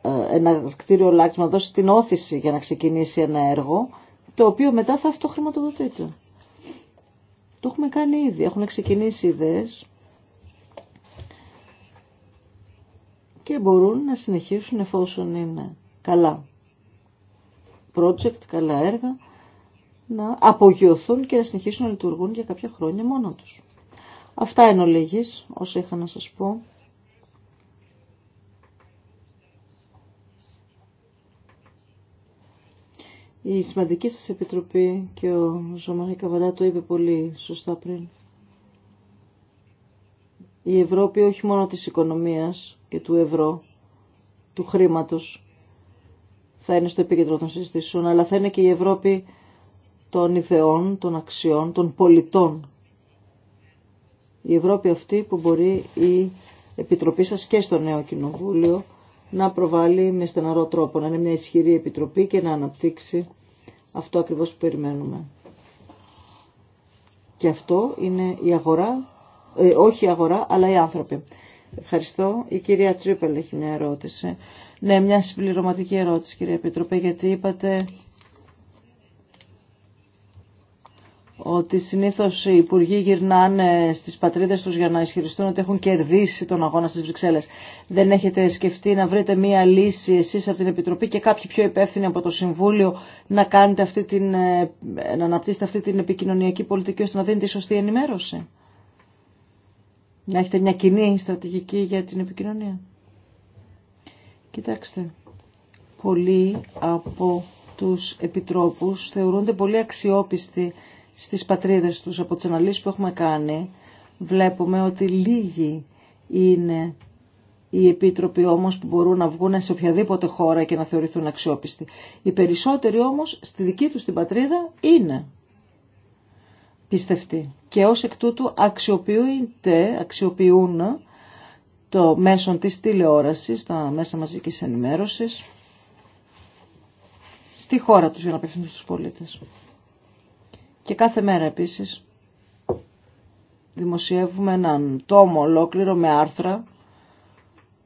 ε, ε, ένα κτίριο λάξιμο, να δώσει την όθηση για να ξεκινήσει ένα έργο, το οποίο μετά θα αυτοχρηματοδοτείται. Το έχουμε κάνει ήδη, έχουν ξεκινήσει ιδέες και μπορούν να συνεχίσουν εφόσον είναι καλά project, καλά έργα να απογειωθούν και να συνεχίσουν να λειτουργούν για κάποια χρόνια μόνο τους. Αυτά εν ολίγης, όσα είχα να σας πω. Η σημαντική σας επιτροπή και ο Ζωμανή Καβαντά το είπε πολύ σωστά πριν. Η Ευρώπη όχι μόνο της οικονομίας και του ευρώ, του χρήματος, θα είναι στο επίκεντρο των συζητήσεων, αλλά θα είναι και η Ευρώπη των ιδεών, των αξιών, των πολιτών. Η Ευρώπη αυτή που μπορεί η Επιτροπή σας και στο νέο Κοινοβούλιο να προβάλλει με στεναρό τρόπο, να είναι μια ισχυρή Επιτροπή και να αναπτύξει αυτό ακριβώς που περιμένουμε. Και αυτό είναι η αγορά, ε, όχι η αγορά, αλλά οι άνθρωποι. Ευχαριστώ. Η κυρία Τρίπελ έχει μια ερώτηση. Ναι, μια συμπληρωματική ερώτηση, κυρία Επιτροπέ, γιατί είπατε ότι συνήθως οι υπουργοί γυρνάνε στις πατρίδες τους για να ισχυριστούν ότι έχουν κερδίσει τον αγώνα στις Βρυξέλλες. Δεν έχετε σκεφτεί να βρείτε μία λύση εσείς από την Επιτροπή και κάποιοι πιο υπεύθυνοι από το Συμβούλιο να, κάνετε αυτή την, ε, να αναπτύσσετε αυτή την επικοινωνιακή πολιτική ώστε να δίνετε τη σωστή ενημέρωση. Να έχετε μια κοινή στρατηγική για την επικοινωνία. Κοιτάξτε, πολλοί από τους επιτρόπους θεωρούνται πολύ αξιόπιστοι στις πατρίδες τους. Από τις αναλύσεις που έχουμε κάνει βλέπουμε ότι λίγοι είναι οι επίτροποι όμως που μπορούν να βγουν σε οποιαδήποτε χώρα και να θεωρηθούν αξιόπιστοι. Οι περισσότεροι όμως στη δική τους την πατρίδα είναι πιστευτοί και ως εκ τούτου αξιοποιούνται, αξιοποιούν το μέσον της τηλεόρασης, τα μέσα μαζικής ενημέρωσης, στη χώρα τους για να απευθυνθούν στους πολίτες. Και κάθε μέρα επίσης δημοσιεύουμε έναν τόμο ολόκληρο με άρθρα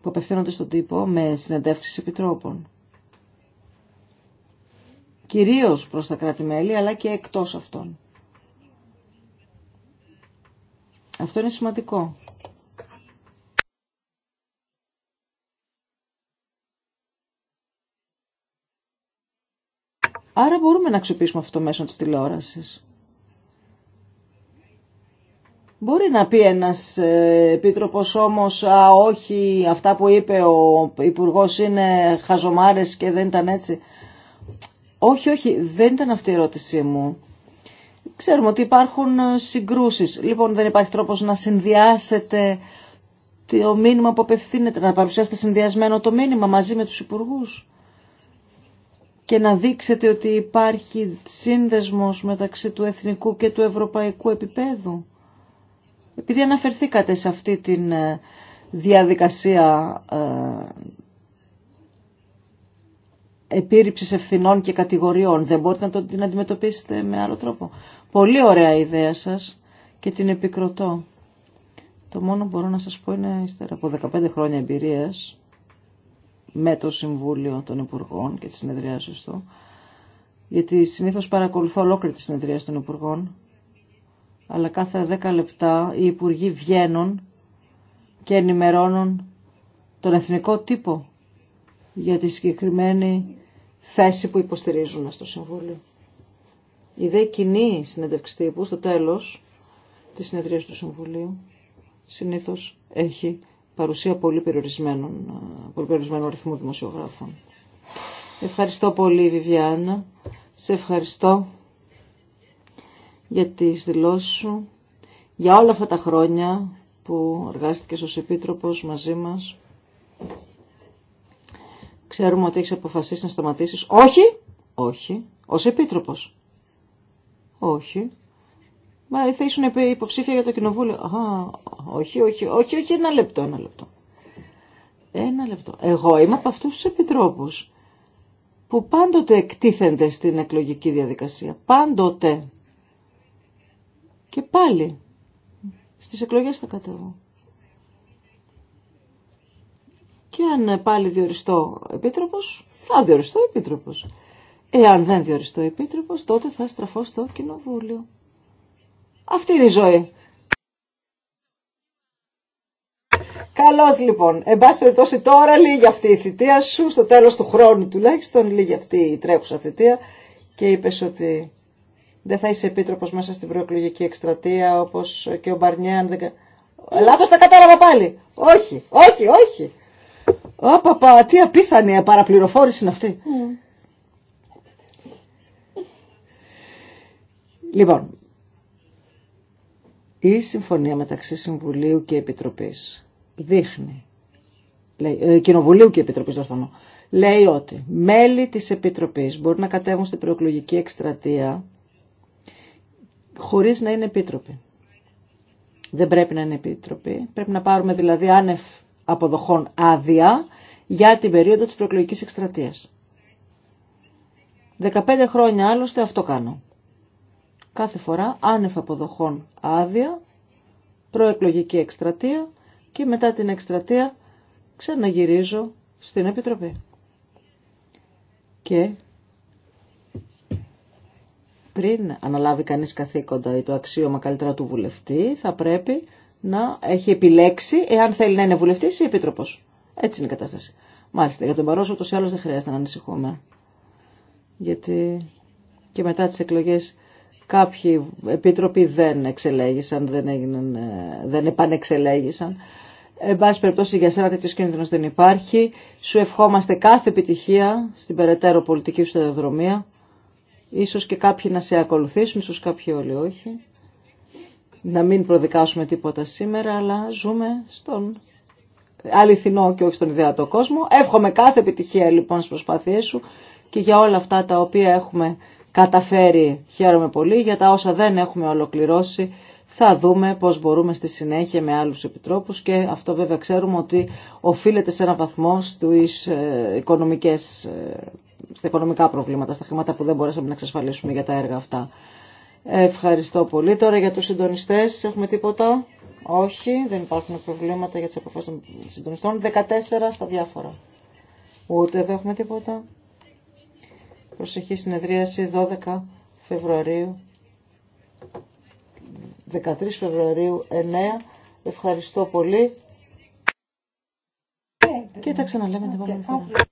που απευθύνονται στον τύπο με συνεντεύξεις επιτρόπων. Κυρίως προς τα κράτη-μέλη αλλά και εκτός αυτών. Αυτό είναι σημαντικό. Άρα μπορούμε να αξιοποιήσουμε αυτό το μέσο της τηλεόρασης. Μπορεί να πει ένας ε, επίτροπος όμως «Α, όχι, αυτά που είπε ο Υπουργός είναι χαζομάρες και δεν ήταν έτσι». Όχι, όχι, δεν ήταν αυτή η ερώτησή μου. Ξέρουμε ότι υπάρχουν ε, συγκρούσεις. Λοιπόν, δεν υπάρχει τρόπος να συνδυάσετε το μήνυμα που απευθύνεται, να παρουσιάσετε συνδυασμένο το μήνυμα μαζί με τους υπουργούς και να δείξετε ότι υπάρχει σύνδεσμος μεταξύ του εθνικού και του ευρωπαϊκού επίπεδου. Επειδή αναφερθήκατε σε αυτή τη ε, διαδικασία ε, επίρρυψης ευθυνών και κατηγοριών, δεν μπορείτε να το, την αντιμετωπίσετε με άλλο τρόπο. Πολύ ωραία η ιδέα σας και την επικροτώ. Το μόνο που μπορώ να σας πω είναι, ύστερα από 15 χρόνια εμπειρίας, με το Συμβούλιο των Υπουργών και τη συνεδριάσεις του, γιατί συνήθως παρακολουθώ ολόκληρη τη συνεδρία των Υπουργών, αλλά κάθε δέκα λεπτά οι υπουργοί βγαίνουν και ενημερώνουν τον εθνικό τύπο για τη συγκεκριμένη θέση που υποστηρίζουν στο Συμβούλιο. Η δε κοινή συνέντευξη τύπου στο τέλος της συνεδρίας του Συμβουλίου συνήθως έχει παρουσία πολύ περιορισμένων, πολύ περιορισμένου αριθμού δημοσιογράφων. Ευχαριστώ πολύ Βιβιάννα. Σε ευχαριστώ για τις δηλώσεις σου, για όλα αυτά τα χρόνια που εργάστηκες ως Επίτροπος μαζί μας. Ξέρουμε ότι έχεις αποφασίσει να σταματήσεις. Όχι, όχι, ως Επίτροπος. Όχι. Μα θα ήσουν υποψήφια για το κοινοβούλιο. Α, όχι, όχι, όχι, όχι, ένα λεπτό, ένα λεπτό. Ένα λεπτό. Εγώ είμαι από αυτούς τους επιτρόπους που πάντοτε εκτίθενται στην εκλογική διαδικασία. Πάντοτε. Και πάλι στις εκλογές θα κατεβώ. Και αν πάλι διοριστώ επίτροπος, θα διοριστώ επίτροπος. Εάν δεν διοριστώ επίτροπος, τότε θα στραφώ στο κοινοβούλιο. Αυτή είναι η ζωή. Καλώ λοιπόν. Εν πάση περιπτώσει τώρα λίγη αυτή η θητεία σου, στο τέλος του χρόνου τουλάχιστον λίγη αυτή η τρέχουσα θητεία και είπες ότι δεν θα είσαι επίτροπο μέσα στην προεκλογική εκστρατεία όπως και ο Μπαρνιάν. Δεν... Λάθος τα κατάλαβα πάλι. Όχι, όχι, όχι. Ω παπα, τι απίθανη παραπληροφόρηση είναι αυτή. Λοιπόν, η συμφωνία μεταξύ Συμβουλίου και Επιτροπής δείχνει, λέει, ε, Κοινοβουλίου και Επιτροπής θέλω. λέει ότι μέλη της Επιτροπής μπορεί να κατέβουν στην προεκλογική εκστρατεία χωρίς να είναι επίτροποι. Δεν πρέπει να είναι επίτροποι. Πρέπει να πάρουμε δηλαδή άνευ αποδοχών άδεια για την περίοδο της προεκλογικής εκστρατείας. 15 χρόνια άλλωστε αυτό κάνω. Κάθε φορά άνευ αποδοχών άδεια, προεκλογική εκστρατεία και μετά την εκστρατεία ξαναγυρίζω στην Επιτροπή. Και πριν αναλάβει κανείς καθήκοντα ή το αξίωμα καλύτερα του βουλευτή, θα πρέπει να έχει επιλέξει εάν θέλει να είναι βουλευτής ή επίτροπος. Έτσι είναι η κατάσταση. Μάλιστα, για τον Παρόσο ούτως ή άλλως δεν χρειάζεται να ανησυχούμε. Γιατί και μετά τις εκλογές κάποιοι επίτροποι δεν εξελέγησαν, δεν, έγιναν, ε, δεν επανεξελέγησαν. Εν πάση περιπτώσει για σένα τέτοιο κίνδυνο δεν υπάρχει. Σου ευχόμαστε κάθε επιτυχία στην περαιτέρω πολιτική σου σταδιοδρομία Ίσως και κάποιοι να σε ακολουθήσουν, ίσως κάποιοι όλοι όχι. Να μην προδικάσουμε τίποτα σήμερα, αλλά ζούμε στον αληθινό και όχι στον ιδεατό κόσμο. Εύχομαι κάθε επιτυχία λοιπόν στις προσπάθειές σου και για όλα αυτά τα οποία έχουμε καταφέρει χαίρομαι πολύ, για τα όσα δεν έχουμε ολοκληρώσει θα δούμε πώς μπορούμε στη συνέχεια με άλλους επιτρόπους και αυτό βέβαια ξέρουμε ότι οφείλεται σε έναν βαθμό στις ε, οικονομικές ε, στα οικονομικά προβλήματα, στα χρήματα που δεν μπορέσαμε να εξασφαλίσουμε για τα έργα αυτά. Ευχαριστώ πολύ. Τώρα για τους συντονιστές έχουμε τίποτα. Όχι, δεν υπάρχουν προβλήματα για τις αποφάσεις των συντονιστών. 14 στα διάφορα. Ούτε εδώ έχουμε τίποτα. Προσεχή συνεδρίαση 12 Φεβρουαρίου. 13 Φεβρουαρίου 9. Ευχαριστώ πολύ. Ε, και τα ξαναλέμε την επόμενη φορά.